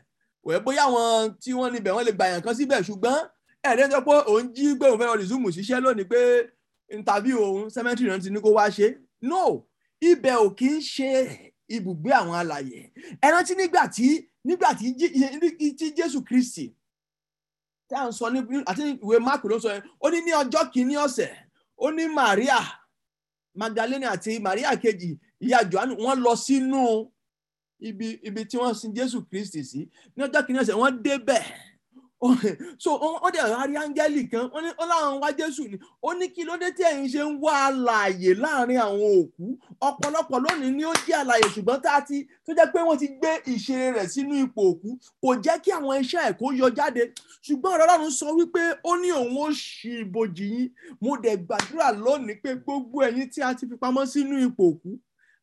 kò yẹ bóyá àwọn tí wọ́n níbẹ̀ wọ́n lè gbàyàn kan síbẹ̀ ṣùgbọ́n ẹ̀ẹ́dẹ́ tó pé òun jí pé òun fẹ́ lọ resume ṣiṣẹ́ lónìí pé interview òun cemetery náà ti ní kó wá ṣe no ibẹ̀ ò kì í ṣe ibùgbé àwọn alàyè ẹ rántí nígbà tí nígbà tí jésù kristi tí a ń sọ àti ìwé máàkì ló ń sọ yẹn ó ní ní ọjọ́ kìíní ọ̀sẹ̀ ó ní maria magdalene àti maria kejì ìyá johannu wọ́n lọ sínú ibi ibi tí wọ́n sin jésù kristi sí ní ọjọ́ kìíní ọ̀sẹ̀ wọ́n débẹ̀. so wọ́n dẹ̀ rárí áńgẹ́lì kan wọ́n láwọn wá jésù ni ó ní kí ló dé tí ẹ̀yin ṣe ń wá alààyè láàrin àwọn òkú ọ̀pọ̀lọpọ̀ lónìí ni ó jẹ́ alààyè ṣùgbọ́n tá a ti tó jẹ́ pé wọ́n ti gbé ìṣe rẹ̀ sínú ipò òkú kò jẹ́ kí àwọn iṣẹ́ ẹ̀ kó yọ jáde ṣùgbọ́n ọ̀rọ̀ ọlọ́run sọ wípé ó ní òun ó ṣí ibojì yín mo dẹ̀ gbàdúrà lónìí pé gbogbo ẹ̀yin tí a ti fi pamọ́ sínú ipò òkú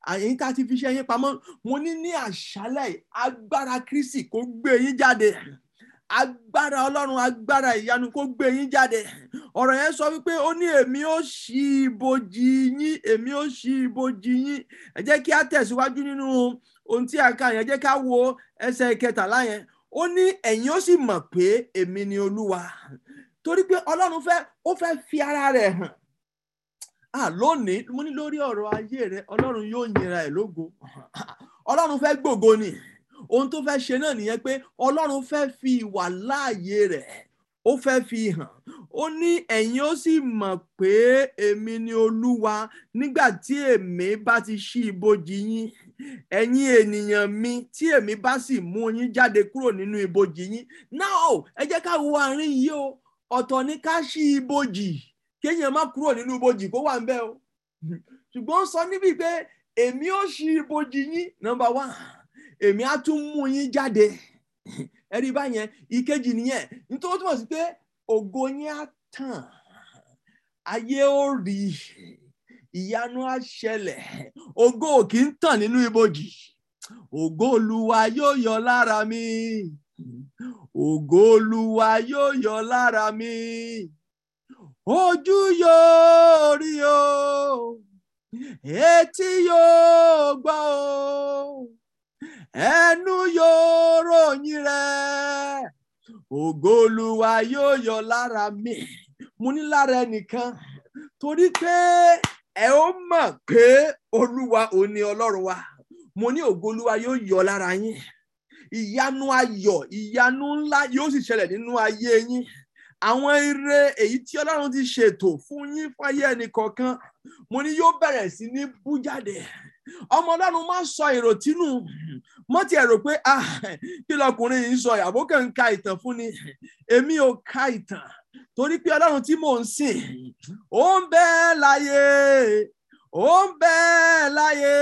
àyìn tá a ti fi ṣe yín pamọ́ mo ní ní àṣálẹ̀ agbára Kristi kó gbé yín jáde agbára ọlọ́run agbára ìyanu kó gbé yín jáde ọ̀rọ̀ yẹn sọ wípé ó ní èmi ó ṣí ibojì yín èmi ó ṣí ibojì yín ẹ jẹ́ kí a tẹ̀síwájú nínú ohun tí a kà yẹn jẹ́ ká wo ẹsẹ̀ kẹtàlá yẹn ó ní ẹ̀yin ó sì mọ̀ pé èmi ni olúwa torí pé ọlọ́run fẹ́ ó fẹ́ fi ara rẹ̀ hàn à lónìí mo ní lórí ọ̀rọ̀ ayé rẹ ọlọ́run yóò yẹra ẹ̀ lógo ọlọ́run fẹ́ gbògo ni ohun tó fẹ́ ṣe náà nìyẹn pé ọlọ́run fẹ́ fi ìwà láàyè rẹ̀ ó fẹ́ fi hàn ó ní ẹ̀yin ó sì mọ̀ pé èmi ni olúwa nígbà tí èmi bá ti ṣí ibojì yín ẹ̀yin ènìyàn mi tí èmi bá sì mú yín jáde kúrò nínú ibojì yín now ẹ jẹ́ ká wo àárín yìí o ọ̀tọ̀ ni ká ṣí ibojì kéèyàn má kúrò nínú ibojì kó wà ń bẹ̀ o ṣùgbọ́n sọ níbi pé èmi ó ṣí ibojì yín number one èmi á tún mú yín jáde ẹ̀rí báyẹn ìkejì nìyẹn nítorí ó túmọ̀ sí pé ògo yín ayé ó ìyanu á ṣẹlẹ̀ ògo kì nínú ibojì ògo Olúwa yóò yọ lára mi ògo Olúwa yóò yọ lára mi ojú yóò rí o etí yóò gbọ́ o. ẹnu yóò ròyìn rẹ ògo Olúwa yóò yọ lára mi mo ní lára ẹnìkan torí pé ẹ ó mọ̀ pé Olúwa ò ní Ọlọ́run wa mo ní ògo Olúwa yóò yọ lára yín ìyanu ayọ̀ ìyanu ńlá yóò sì ṣẹlẹ̀ nínú ayé yín àwọn ire èyí tí Ọlọ́run ti ṣètò fún yín fáyé ẹnìkọ̀ọ̀kan mo ní yóò bẹ̀rẹ̀ sí ní bú jáde ọmọ Ọlọ́run má sọ ìròtínú mo tiẹ̀ rò pé ah, kí lọkùnrin yìí ń sọ ìyàwó kàn ń ka ìtàn fún ni èmi ò ka ìtàn torí pé ọlọ́run tí mò ń sìn ó ń bẹ láyé ó ń bẹ láyé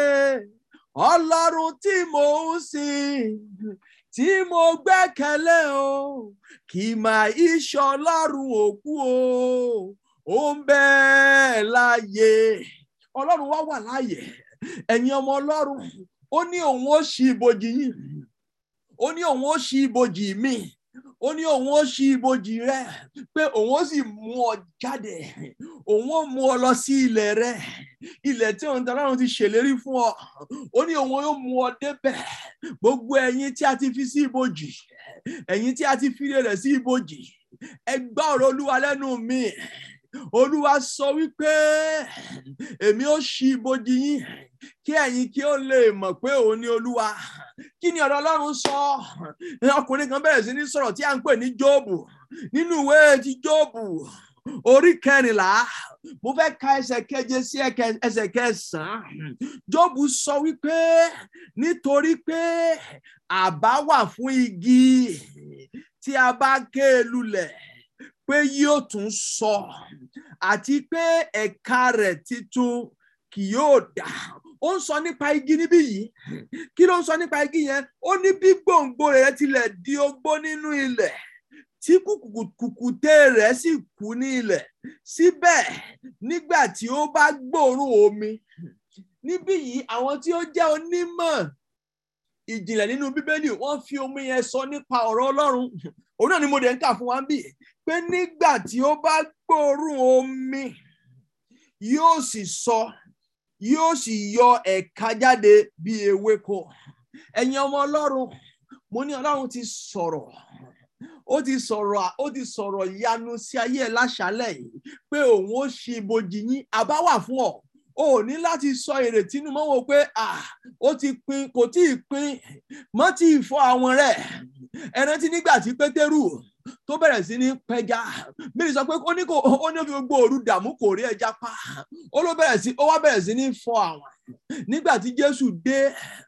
ọlọ́run tí mò ń sìn tí mo gbẹ́kẹ̀lé o kì máa iṣẹ́ ọlọ́run òkú o ó ń bẹ láyé ọlọ́run wá wà láyé ẹ̀yin ọmọ ọlọ́run ó ní òun ó ṣí ibojì yín ó ní òun ó ṣí ibojì mi ó ní òun ó ṣí ibojì rẹ pé òun ó sì mú ọ jáde òun ó mú ọ lọ sí ilẹ̀ rẹ ilẹ̀ tí òun tọ́lọ́run ti ṣèlérí fún ọ ó ní òun yóò mú ọ débẹ̀ gbogbo ẹ̀yin tí a ti fi sí ibojì ẹ̀yin tí a ti fi rẹ̀ sí ibojì ẹ gbá ọ̀rọ̀ olúwa lẹ́nu mi olúwa sọ wípé èmi ó ṣí ibojì yín kí ẹ̀yin kí ó lè mọ̀ pé òun ni olúwa kí ni ọ̀rọ̀ ọlọ́run sọ ọkùnrin kan bẹ̀rẹ̀ sí ní sọ̀rọ̀ tí a ń pè ní jóòbù nínú ìwé ti jóòbù orí kẹrìnlá mo fẹ́ ka ẹsẹ̀ keje sí ẹsẹ̀ kẹsàn-án jóòbù sọ wípé nítorí pé àbá wà fún igi tí a bá ké e lulẹ̀ pé yóò tún sọ àti pé ẹ̀ka rẹ̀ titun kì yóò dà ó ń sọ nípa igi níbí yìí kí ló ń sọ nípa igi yẹn ó ní bí gbòǹgbò rẹ̀ tilẹ̀ di ogbó nínú ilẹ̀ tí kùkùté rẹ̀ sì kú ní ilẹ̀ síbẹ̀ nígbà tí ó bá gbòòrùn omi níbí yìí àwọn tí ó jẹ́ onímọ̀ ìjìnlẹ̀ nínú bíbélì wọ́n fi omi yẹn sọ nípa ọ̀rọ̀ ọlọ́run òun náà ni mo dẹ̀ ń kà fún wa ń bì pé nígbà tí ó bá gbóòórùn omi yóò sì sọ yóò sì yọ ẹ̀ka jáde bí ewéko ẹ̀yin ọmọ ọlọ́run mo ní ọlọ́run ti sọ̀rọ̀ ó ti sọ̀rọ̀ ó ti sọ̀rọ̀ yanu sí ayé ẹ̀ láṣálẹ̀ yìí pé òun ó ṣe ibojì yín àbá wà fún ọ o ní láti sọ ìrètí nu mọ́wọ́ pé ó ti pin kò tí ì pin mọ́ tí ì fọ àwọn rẹ̀ ẹ̀rántí nígbà tí pétérù tó bẹ̀rẹ̀ sí ní pẹja mary sọ pé ó ní kò ó ní gbogbo òru dààmú kò rí ẹja pa ó ló bẹ̀rẹ̀ sí ó wá bẹ̀rẹ̀ sí ní fọ àwọn nígbà tí jésù dé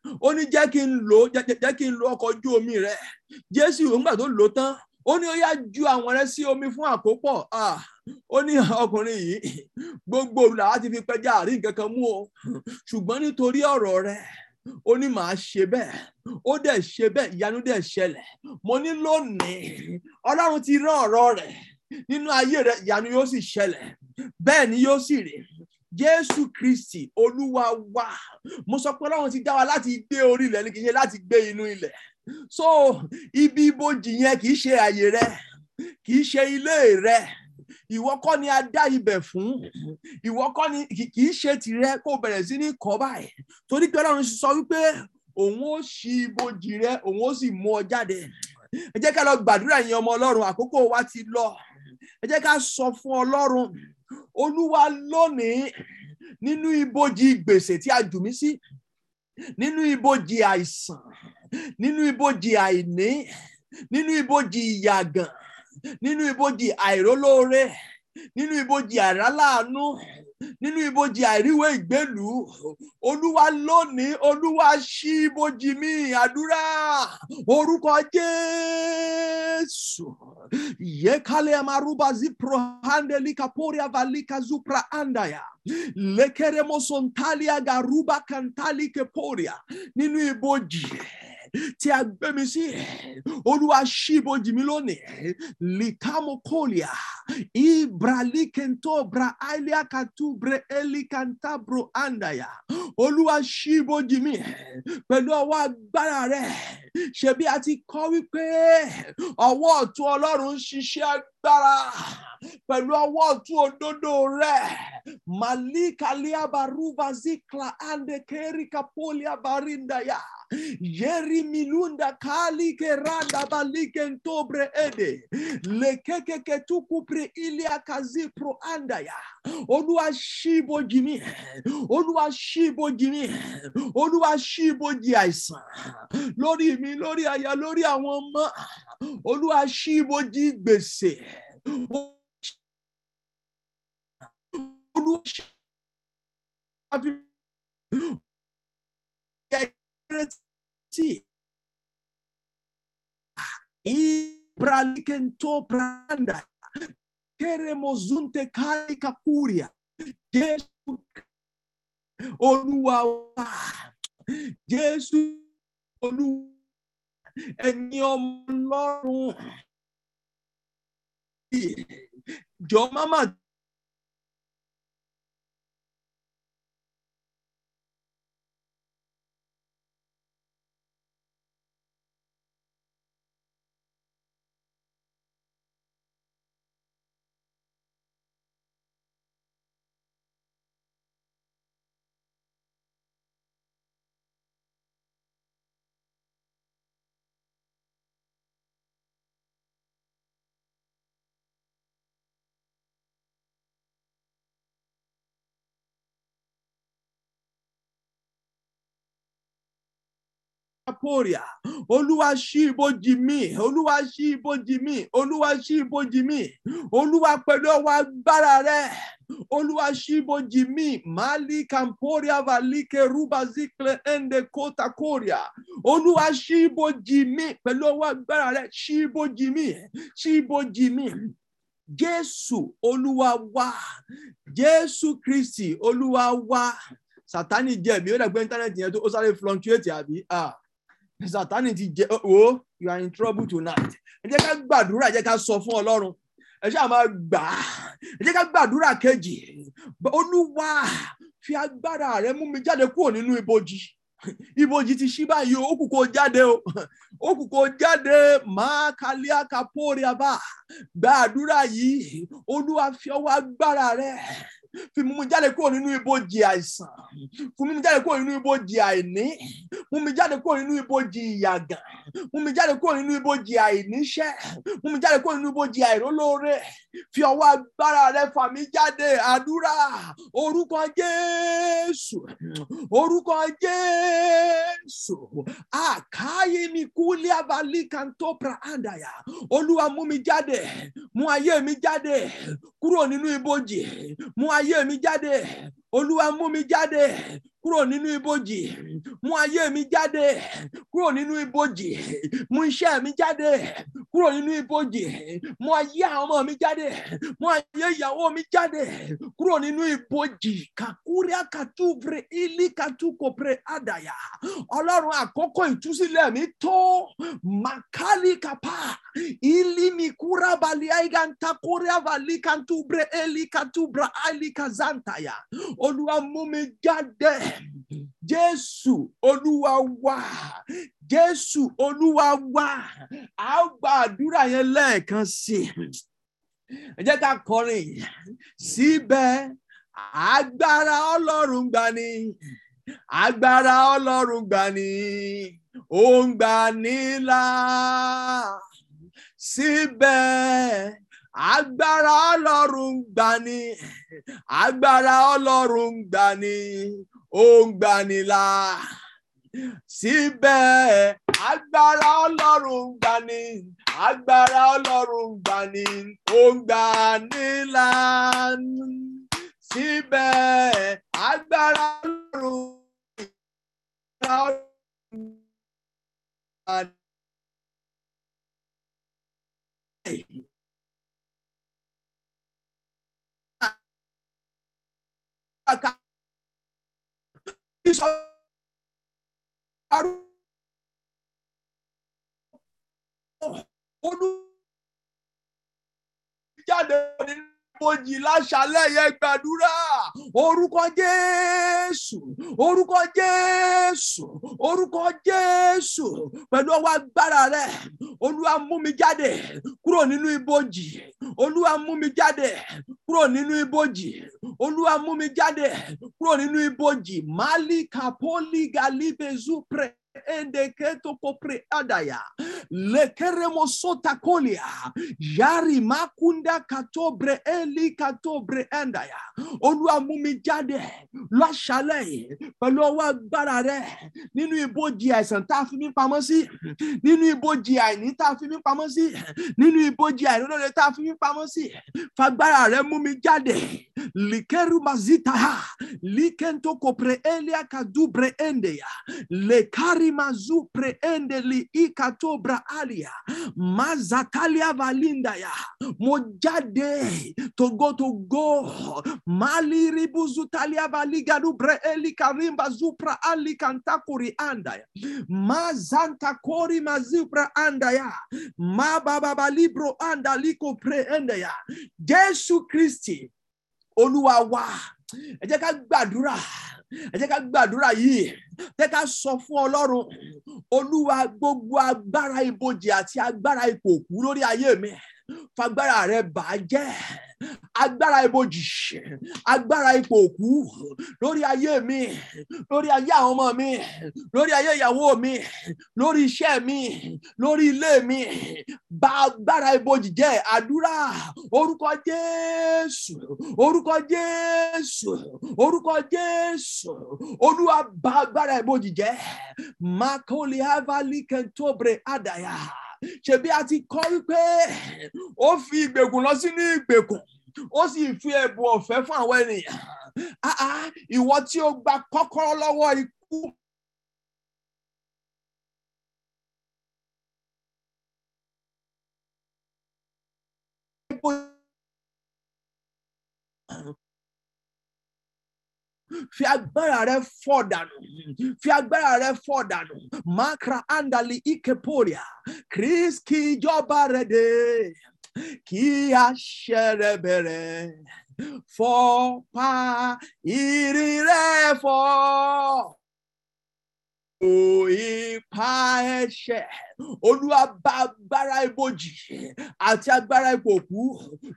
ó ní jẹ́ kí n lò jẹ́ kí n lo ọkọ̀ ojú omi rẹ̀ jésù nígbà tó lò tán ó ní ó yá ju àwọn rẹ̀ sí omi fún àkópọ̀ ó ní ọkùnrin yìí gbogbo òru làwa ti fi pẹja àrí nǹkan kan mú o ṣùgbọ́n nítorí ọ̀rọ̀ rẹ̀ ó ní màá ṣe bẹ́ẹ̀ ó dẹ̀ ṣe bẹ́ẹ̀ ìyanu dẹ̀ ṣẹlẹ̀ mo ní lónìí ọlọ́run ti rán ọ̀rọ̀ rẹ̀ nínú ayé rẹ̀ ìyanu yóò sì ṣẹlẹ̀ bẹ́ẹ̀ ni yóò sì rí jésù kristi olúwa wa mo sọ pé ọlọ́run ti dá wa láti dé orí ilẹ̀ ní kì í ṣe láti gbé inú ilẹ̀ so ibi ibojì yẹn kì í ṣe àyè rẹ kì í ṣe ilé rẹ ìwọ kọ́ ni a dá ibẹ̀ fún ìwọ kọ́ ni kì í ṣe tìrẹ kó bẹ̀rẹ̀ sí ní kọ́ báyìí torí pé ọlọ́run sọ wípé òun ó ṣí ibojì rẹ òun ó sì mú ọ jáde ẹ jẹ́ ká lọ gbàdúrà yẹn ọmọ ọlọ́run àkókò wa ti lọ ẹ jẹ́ ká sọ fún ọlọ́run olúwa lónìí nínú ibojì gbèsè tí a jù mí sí nínú ibojì àìsàn nínú ibojì àìní nínú ibojì ìyàgàn nínú ibojì àìrólóore nínú ibojì àìráláàánú nínú ibojì àìríwé ìgbélú olúwa lónìí olúwa ṣí ibojì mi àdúrà orúkọ jésù yekale amaruba zipro handeli kaporia valika zupra andaya lekere mosontalia garuba kantali keporia nínú ibojì. tí a mi sí olúwa ṣíbojì mi lónìí lìkàmókòlìà ibralikento bra aliakatu bre elikantabro andaya olúwa ṣíbojì mi pẹ̀lú ọwọ́ agbára rẹ̀ ṣebí a ti kọ wípé ọwọ́ ọ̀tún ọlọ́run ṣiṣẹ́ agbára pẹ̀lú ọwọ́ ọ̀tún òdodo rẹ̀ malika liabaruba zikla andekerika poliabarindaya. Jeri milunda kali keranda balike ntobre ede. Lekeke ke ketuku pre ilia kazi pro andaya. Olúwa ṣíbo jì mí. Olúwa ṣíbo jì mí. Olúwa ṣíbo jì àìsàn. Lórí mi, lórí aya, lori àwọn ọmọ. Olúwa ṣíbo jì gbèsè. Olúwa ṣíbo jì ibralikento branda queremozunte kalika fúria Jésù Olúwa wa Jésù Olúwa ẹni ọmọ jọ máma Poria. Olúwa ṣí ibojì mi, Olúwa ṣí ibojì mi, Olúwa ṣí ibojì mi, Olúwa pẹ̀lú ọwọ́ agbára rẹ̀. Olúwa ṣí ibojì mi, Mali Kamporia Valike Ruba Zikle Ende Kota Koria. Olúwa ṣí ibojì mi pẹ̀lú ọwọ́ agbára rẹ̀, ṣí ibojì mi, ṣí ibojì mi. Jésù Olúwa wá, Jésù Kristi Olúwa wá. Sátánì jẹ̀bi, ó dàgbé íńtánẹ́ẹ̀tì yẹn tó ó sáré fluctuate àbí. Ah sátánì ti jẹ o oh, oh, you are in trouble tonight ẹ jẹ́ ká gbàdúrà ẹ jẹ́ ká sọ fún ọlọ́run ẹ ṣáà máa gbà á ẹ jẹ́ ká gbàdúrà kejì olúwa fi agbára rẹ mú mi jáde kúrò nínú ibojì ibojì ti ṣí báyìí ó kù kó jáde o ó kù kó jáde máa kálíà kápórí abá gbàdúrà yìí olúwa fi ọwọ́ agbára rẹ fi mú mi jáde kúrò nínú ibojì àìsàn fi mú mi jáde kúrò nínú ibojì àìní mú mi jáde kúrò nínú ibojì ìyàgàn mú mi jáde kúrò nínú ibojì àìníṣẹ́ mú mi jáde kúrò nínú ibojì àìrólóore fi ọwọ́ agbára rẹ fà mí jáde àdúrà orúkọ Jésù orúkọ Jésù àkáyé mi kúlẹ̀ abalí kan tó pra àndàyà olúwa mú mi jáde mú ayé mi jáde kúrò nínú ibojì mú ayé ayé mi jáde olúwa mú mi jáde kúrò nínú ibojì mú ayé mi jáde kúrò nínú ibojì mú iṣẹ́ mi jáde kúrò nínú ibojì mú ayé àwọn ọmọ mi jáde mú ayé ìyàwó mi jáde kúrò nínú ibojì kakúrẹ́ katúbre ilé katúkọ̀pẹ́ àdàyà ọlọ́run àkókò ìtúsílẹ̀ mi tó makali kapa ilé mi kúrà balẹ̀ àìgàntà kúrẹ́ balẹ̀ katúbre ilé katúbra àìlì kazantaya olúwa mú mi jáde jésù olúwa wá jésù olúwa wá a gba àdúrà yẹn lẹ́ẹ̀kan sí i jẹ́ ká kọrin síbẹ̀ agbára ọlọ́run gbani agbára ọlọ́run gbani ó gbani là síbẹ̀. agbára ọlọ́run gbani agbára ọlọ́run gbani ó ń gbanilá síbẹ̀ agbára ọlọ́run gbani agbára ọlọ́run gbani ó ń gbanilá síbẹ̀ agbára ọlọ́run gbani. àkà ìsọ arúgbó olú jáde nínú kejì láṣálẹ̀ yẹn gbàdúrà orúkọ jésù orúkọ jésù orúkọ jésù pẹ̀lú ọwọ́ agbára rẹ olúwa mú mi jáde kúrò nínú ibojì olúwa mú mi jáde kúrò nínú ibojì olúwa mú mi jáde kúrò nínú ibojì mali kapoli galibe zupre edeketo kopre adaya lekeremo sota kolia yari makunda katobre eli katobre endaya olúwa mú mi jáde lọ́ṣàlẹ̀ yìí pẹ̀lú ọwọ́ agbára rẹ̀ nínú ibojì àìsàn tá a fi mí pamọ́ sí nínú ibojì àìní tá a fi mí pamọ́ sí nínú ibojì àìrólóore tá a fi mí pamọ́ sí fagbára rẹ̀ mú mi likeru mazita likento kopre elia kadubre endeya lekari limazupre endeli ikatobra alia mazakalia valinda ya mojade togo togo mali ribuzutalia valigadubre eli karimba zupra ali kantakuri andaya kori mazupra andaya balibro anda liko pre endaya jesu kristi oluawa wa ẹ ẹ jẹ́ ká gbàdúrà yìí jẹ́ ká sọ fún ọlọ́run olúwa gbogbo agbára ibojì àti agbára ipò òkú lórí ayé mi Fagbara rẹ bàjẹ́ agbára ibojì agbára ipò òkú lórí ayé mi lórí ayé àwọn ọmọ mi lórí ayé ìyàwó mi lórí iṣẹ́ mi lórí ilé mi bà agbára ibojì jẹ́ àdúrà orúkọ Jésù orúkọ Jésù orúkọ Jésù Olúwa bà agbára ibojì jẹ́ makoli avali kentobre adaya ṣebí a ti kọ́ wípé ó fi ìgbèkùn lọ sínú ìgbèkùn ó sì fi ẹ̀bùn ọ̀fẹ́ fún àwọn ènìyàn ìwọ tí ó gba kọ́kọ́rọ́ lọ́wọ́ ikú fi agbára rẹ fọ́ dànù fi agbára rẹ fọ́ dànù makra andali ikeporia chris kíjọba rẹ dé kí bẹ̀rẹ̀ fọ́pa ìrìn rẹ fọ́ olúwa bá agbára ibojì àti agbára ipò kú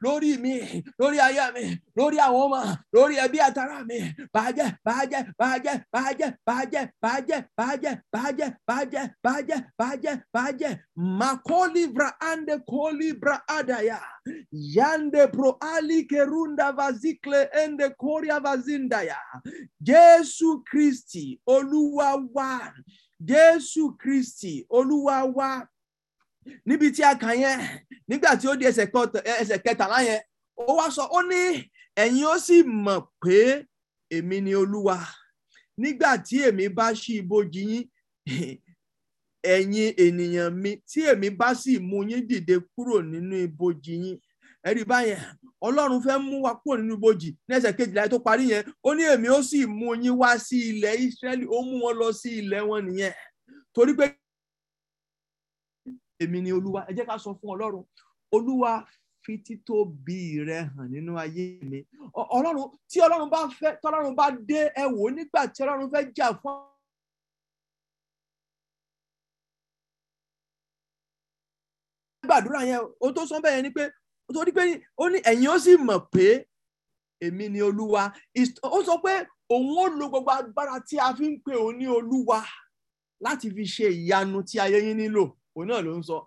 lórí mi lórí ayé mi lórí àwọn ọmọ lórí ẹbí àtàrà mi bàjẹ́ bàjẹ́ bàjẹ́ bàjẹ́ bàjẹ́ bàjẹ́ bàjẹ́ bàjẹ́ bàjẹ́ bàjẹ́ bàjẹ́ bàjẹ́ makolibra ande kolibra adaya yande pro ali kerunda vazikle ende koria vazindaya jésù kristi olúwa wá. jésù kristi olúwa wa níbi tí a kà yẹn nígbà tí ó di ẹsẹ̀ kẹtàlá yẹn ó wá sọ ó ní ẹ̀yin ó sì mọ̀ pé èmi ni olúwa nígbà tí èmi bá ṣí ibojì yín ẹ̀yin ènìyàn mi tí èmi bá sì mú yín dìde kúrò nínú ibojì yín ẹ̀rí báyẹn ọlọ́run fẹ́ mú wa kúrò nínú ibojì ní ẹsẹ̀ kejìlá tó parí yẹn ó ní èmi ó sì mú yín wá sí ilẹ̀ Ísírẹ́lì ó mú wọn lọ sí ilẹ̀ wọn nìyẹn torí pé èmi ni olúwa ẹ jẹ́ ká sọ fún ọlọ́run olúwa fi títóbi rẹ hàn nínú ayé mi ọlọ́run tí ọlọ́run bá fẹ́ tọ́lọ́run bá dé ẹ wò nígbà tí ọlọ́run fẹ́ jà fún. gbàdúrà yẹn o tó sọ bẹ́ẹ̀ ni pé torí pé ó ní ẹ̀yin ó sì mọ̀ pé èmi ni olúwa ó sọ pé òun ó lo gbogbo agbára tí a fi ń pè òun ní olúwa láti fi ṣe ìyanu tí ayé yín nílò òun náà ló ń sọ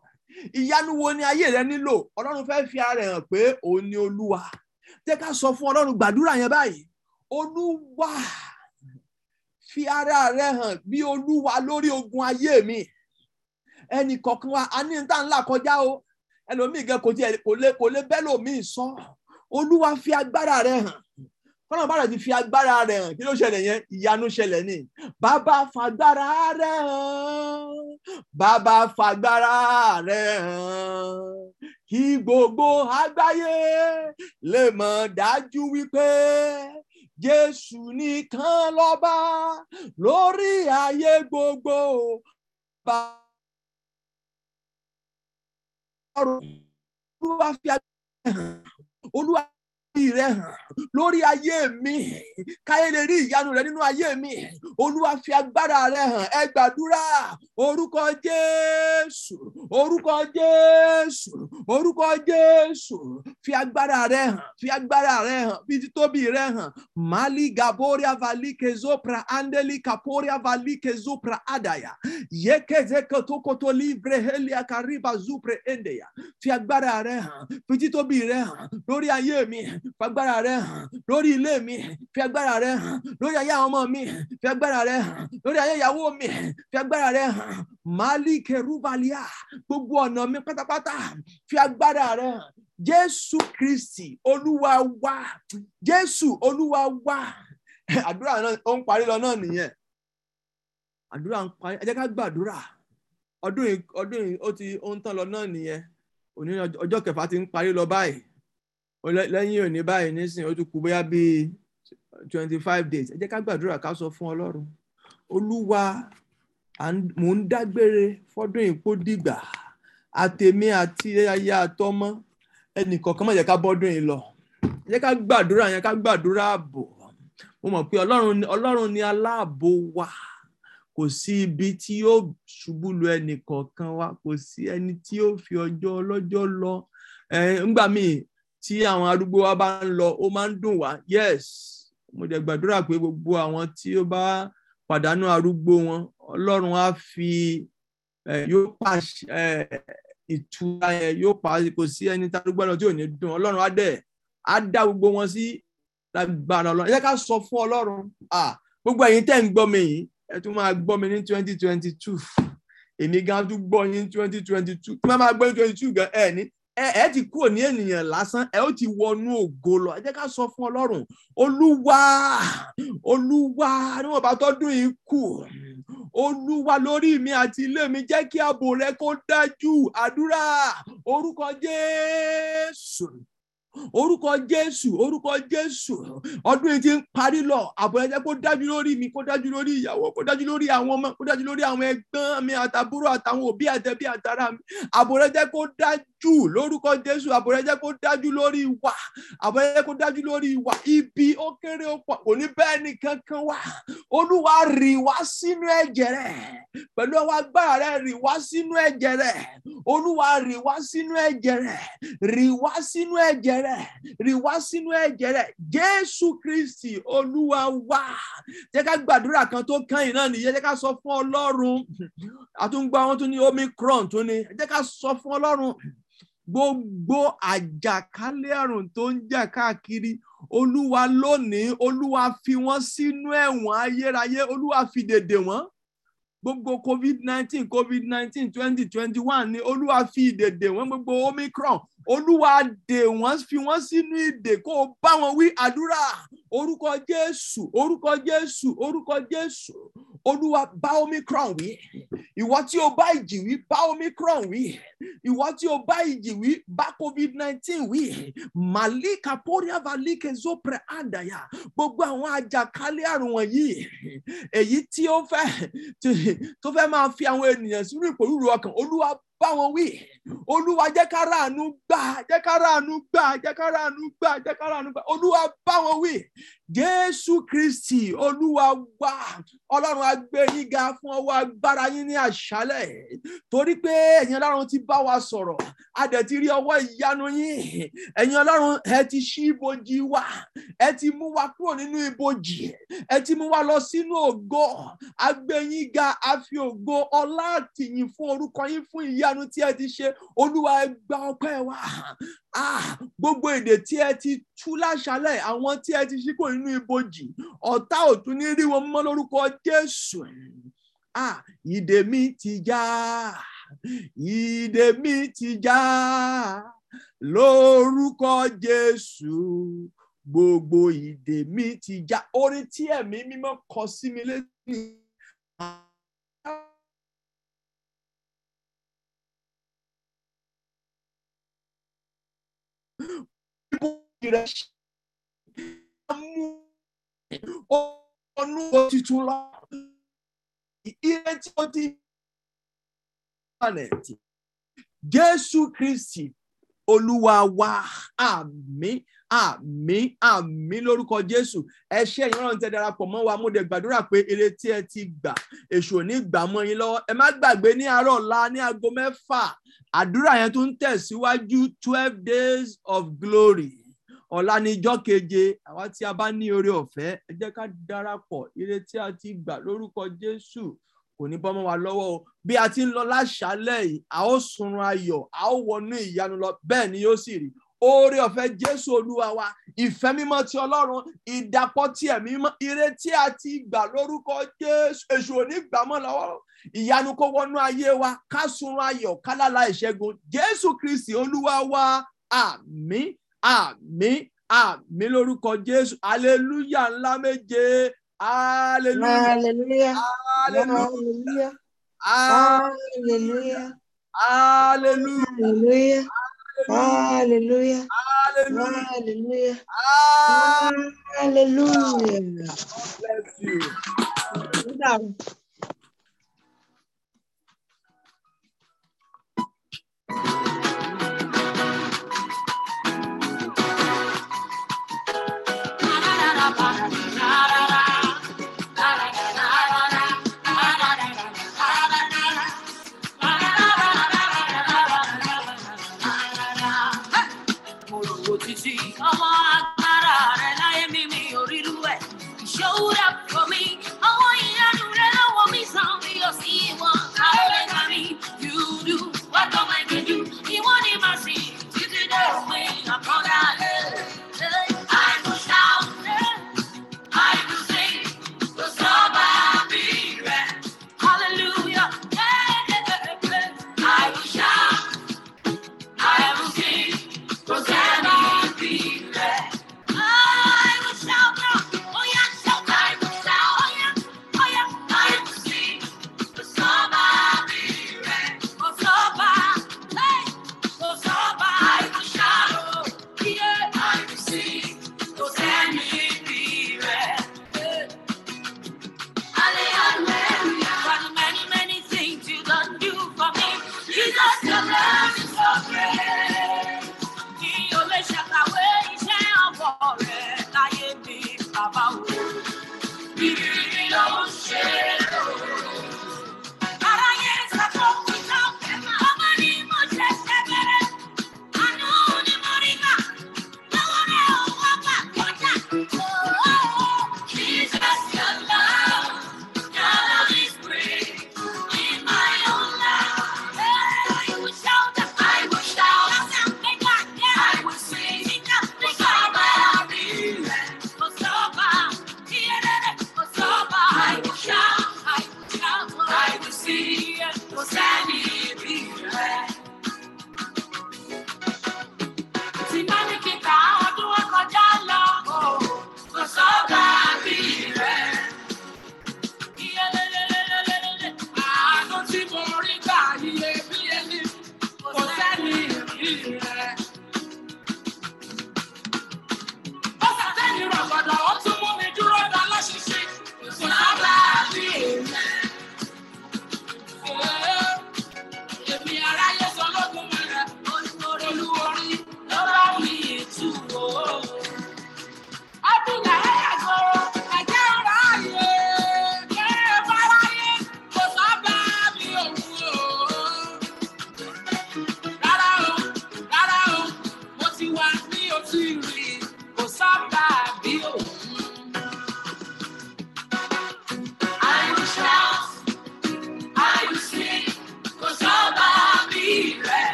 ìyanu wo ni ayé rẹ nílò ọlọ́run fẹ́ fi ara ẹ̀ hàn pé òun ni olúwa jẹ́ sọ fún ọlọ́run gbàdúrà yẹn báyìí olúwa fi ara rẹ hàn bí olúwa lórí ogun ayé mi ẹnì kọ̀ọ̀kan wa a ní ní tá à ń là kọjá o ẹlòmíì gan kò tiẹ̀ kò lè kò lè bẹ́lòmíì sọ olúwa fi agbára rẹ hàn fọlọ́n bá rẹ̀ ti fi agbára rẹ̀ hàn kí ló ṣẹlẹ̀ yẹn ìyanu ṣẹlẹ̀ ni bàbá fagbára rẹ̀ hàn bàbá fagbára rẹ̀ hàn kí gbogbo àgbáyé lè mọ̀ dájú wípé Jésù nìkan lọ́ba lórí ayé gbogbo bàbá ọ̀rọ̀ olúwa fi agbára hàn olúwa rẹ hàn lórí ayé mi káyé lè rí ìyanu rẹ nínú ayé mi olúwa fi agbára rẹ hàn ẹ gbàdúrà orúkọ jésù orúkọ jésù orúkọ jésù fi agbára rẹ hàn fi agbára rẹ hàn fi títóbi rẹ hàn mali gaboria vali kezo pra andeli kaporia vali kezo pra adaya yekeze kotokoto livre helia kariba zupre endeya fi agbára rẹ hàn fi títóbi rẹ hàn lórí ayé mi fi agbára rẹ hàn lórí ilé mi fi agbára rẹ hàn lórí ayé àwọn ọmọ mi fi agbára rẹ hàn lórí ayé ìyàwó mi fi agbára rẹ hàn màálìkẹ rúbalíà gbogbo ọ̀nà mi pátápátá fi rẹ hàn jésù kristi olúwa wa jésù olúwa wa àdúrà náà ó ń parí lọ náà nìyẹn àdúrà ń parí ẹ jẹ́ ká gbàdúrà ọdún yìí ó ti ó ń tán lọ náà nìyẹn òní ọjọ́ kẹfà ti ń parí lọ báyìí lẹ́yìn òní báyìí nísìnyí ó ti kú bóyá bíi twenty five days ẹ jẹ́ ká gbàdúrà ká sọ fún ọlọ́run olúwa mò ń dágbére fọ́dún ìpó dìgbà àtèmi àti aya àtọmọ ẹnìkọ̀ọ̀kan má jẹ́ ká bọ́dún yìí lọ ẹ jẹ́ ká gbàdúrà yẹn ká gbàdúrà ààbò mo mọ̀ pé ọlọ́run ni aláàbò wa kò sí ibi tí yóò ṣubú lu ẹnìkọ̀ọ̀kan wa kò sí ẹni tí yóò fi ọjọ́ ọlọ́jọ́ lọ ẹ̀ ńgbà míì tí àwọn arúgbó wa bá ń lọ ó máa ń dùn wá yes mo dẹ̀ gbàdúrà pé gbogbo àwọn tí ó bá pàdánù arúgbó wọn ọlọ́run á fi eh, yóò pàṣẹ eh, ìtura yẹn yóò pàṣẹ kò sí ẹni tá arúgbó náà tí ò ní dùn ọlọ́run á dẹ̀ á dá gbogbo wọn sí lágbára ọlọ́run ẹ jẹ́ ká sọ fún ọlọ́run gbogbo ẹ̀yin tẹ́ ń gbọ́ mi yìí ẹ tún máa gbọ́ mi ní twenty twenty two èmi gan tún gbọ́ yín twenty twenty two tí wọ́n máa gbọ́ yín twenty two gan ẹ̀ ní ẹ ẹ ti kúrò ní ènìyàn lásán ẹ ó ti wọnú ògo lọ ẹ jẹ́ ká sọ fún Ọlọ́run Olúwa Olúwa níwọ̀n bá tọ́dún yìí olúwa lórí mi àti ilé mi jẹ́ kí ààbò rẹ kó dájú àdúrà orúkọ jésù orúkọ jésù orúkọ jésù ọdún yìí ti ń parí lọ ààbò rẹ jẹ́ kó dájú lórí mi kó dájú lórí ìyàwó kó dájú lórí àwọn ọmọ kó dájú lórí àwọn ẹ̀gbọ́n mi àtàbúrò àtàwọn òbí àtẹbí àtàrà mi ààbò rẹ jẹ́ kó dájú jù lórúkọ jésù àbọ̀rẹ́jẹ́ kó dájú lórí wa àbọ̀rẹ́jẹ́ kó dájú lórí wa ibi ó kéré ó pọ̀ kò ní bẹ́ẹ̀ nìkan kan wá olúwa rì wá sínú ẹ̀jẹ̀ rẹ̀ pẹ̀lú ọwọ́ agbára rẹ̀ rì wá sínú ẹ̀jẹ̀ rẹ̀ olúwa rì wá sínú ẹ̀jẹ̀ rẹ̀ rì wá sínú ẹ̀jẹ̀ rẹ̀ rì wá sínú ẹ̀jẹ̀ rẹ̀ jésù kristi olúwa wá jẹ́ ká gbàdúrà kan tó kàn náà nìyẹn jẹ́ ká sọ fún ọlọ́run àtúngbà wọn tún ní omicron tún ní jẹ́ ká sọ fún ọlọ́run gbogbo àjàkálẹ̀ àrùn tó ń jà káàkiri olúwa lónìí olúwa fi wọ́n sínú ẹ̀wọ̀n ayérayé olúwa fi dèdè wọ́n gbogbo covid nineteen covid nineteen twenty twenty one ni olúwa fi ìdèdè wọ́n gbogbo omicron olúwa dè wọ́n fi wọ́n sínú ìdè kó o bá wọn wí àdúrà orúkọ jésù orúkọ jésù orúkọ jésù olúwa bá omicron wí ìwọ tí o bá ìjì wí bá omicron wí ìwọ tí o bá ìjì wí bá covid nineteen wí màlíkà pọ́ríà valíkè zopre àdàyà gbogbo àwọn àjàkálẹ̀ àrùn wọ̀nyí èyí tí ó fẹ́ tó fẹ́ máa fi àwọn ènìyàn sínú ìpòrúurú ọkàn olúwa bá wọn wí olúwa jẹ́ ká ráàánú gbà jẹ́ ká ráàánú gbà jẹ́ ká ráàánú gbà jẹ́ ká ráàánú gbà olúwa bá wí jésù kristi olúwa wa ọlọ́run agbẹ́yìnga fún ọwọ́ agbára yín ní àṣálẹ̀ torí pé ẹ̀yin ọlọ́run ti bá wa sọ̀rọ̀ a dẹ̀ ti rí ọwọ́ ìyanu yín ẹ̀yin ọlọ́run ẹ ti ṣí ibojì wa ẹ ti mú wa kúrò nínú ibojì ẹ ti mú wa lọ sínú ògo agbẹ́yìnga àfi ògo ọlá àtìyìn fún orúkọ yín fún ìyanu tí ẹ ti ṣe olúwa ẹ gba ọpẹ́ wa ah, gbogbo èdè tí ẹ ti tú láṣálẹ̀ àwọn tí ẹ ti ṣíkò inú ibojì ọ̀tá ò tún ní rí wọn mọ́ lórúkọ Jésù ìdè mi ti já ìdè mi ti já lórúkọ Jésù gbogbo ìdè mi ti já orin tí ẹ̀mí mímọ́ kọ sí mi létí. people rẹ̀ ṣe mú ọnú tuntun lọ ilé tí ó ti pàlẹ̀tì jésù kristi olúwa wa àmín àmín àmín lórúkọ jésù ẹ ṣé ẹ̀yin Ọlọ́run darapọ̀ mọ́ wa mo dẹ̀ gbàdúrà pé ire tí ẹ ti gbà èṣù ò ní gbà mọ́ yín lọ́wọ́ ẹ má gbàgbé ní àárọ̀ ọ̀la ní aago mẹ́fà àdúrà yẹn tó ń tẹ̀síwájú twelve days of glory ọ̀la ni ijọ́ keje àwa tí a bá ní oore ọ̀fẹ́ ẹ jẹ́ ká darapọ̀ ire tí a ti gbà lórúkọ Jésù kò ní bọ́mọ́ wa lọ́wọ́ o bí a ti ń lọ láṣálẹ̀ yìí a ó sunrun ayọ̀ a ó wọnú ìyanu lọ bẹ́ẹ̀ ni yóò sì rí oore ọ̀fẹ́ Jésù Olúwa wa ìfẹ́ mímọ́ ti Ọlọ́run ìdàpọ̀ ti ẹ̀mí mímọ́ ire tí a ti gbà lórúkọ Jésù èṣù òní gbàmọ́ lọ́wọ́ ìyanu kó wọnú ayé wa ká sunrun ayọ̀ ká lálá àmín àmín lórúkọ jésù aleluya ńlá méje aleluya aleluya aleluya aleluya aleluya aleluya aleluya aleluya aleluya. Thank you.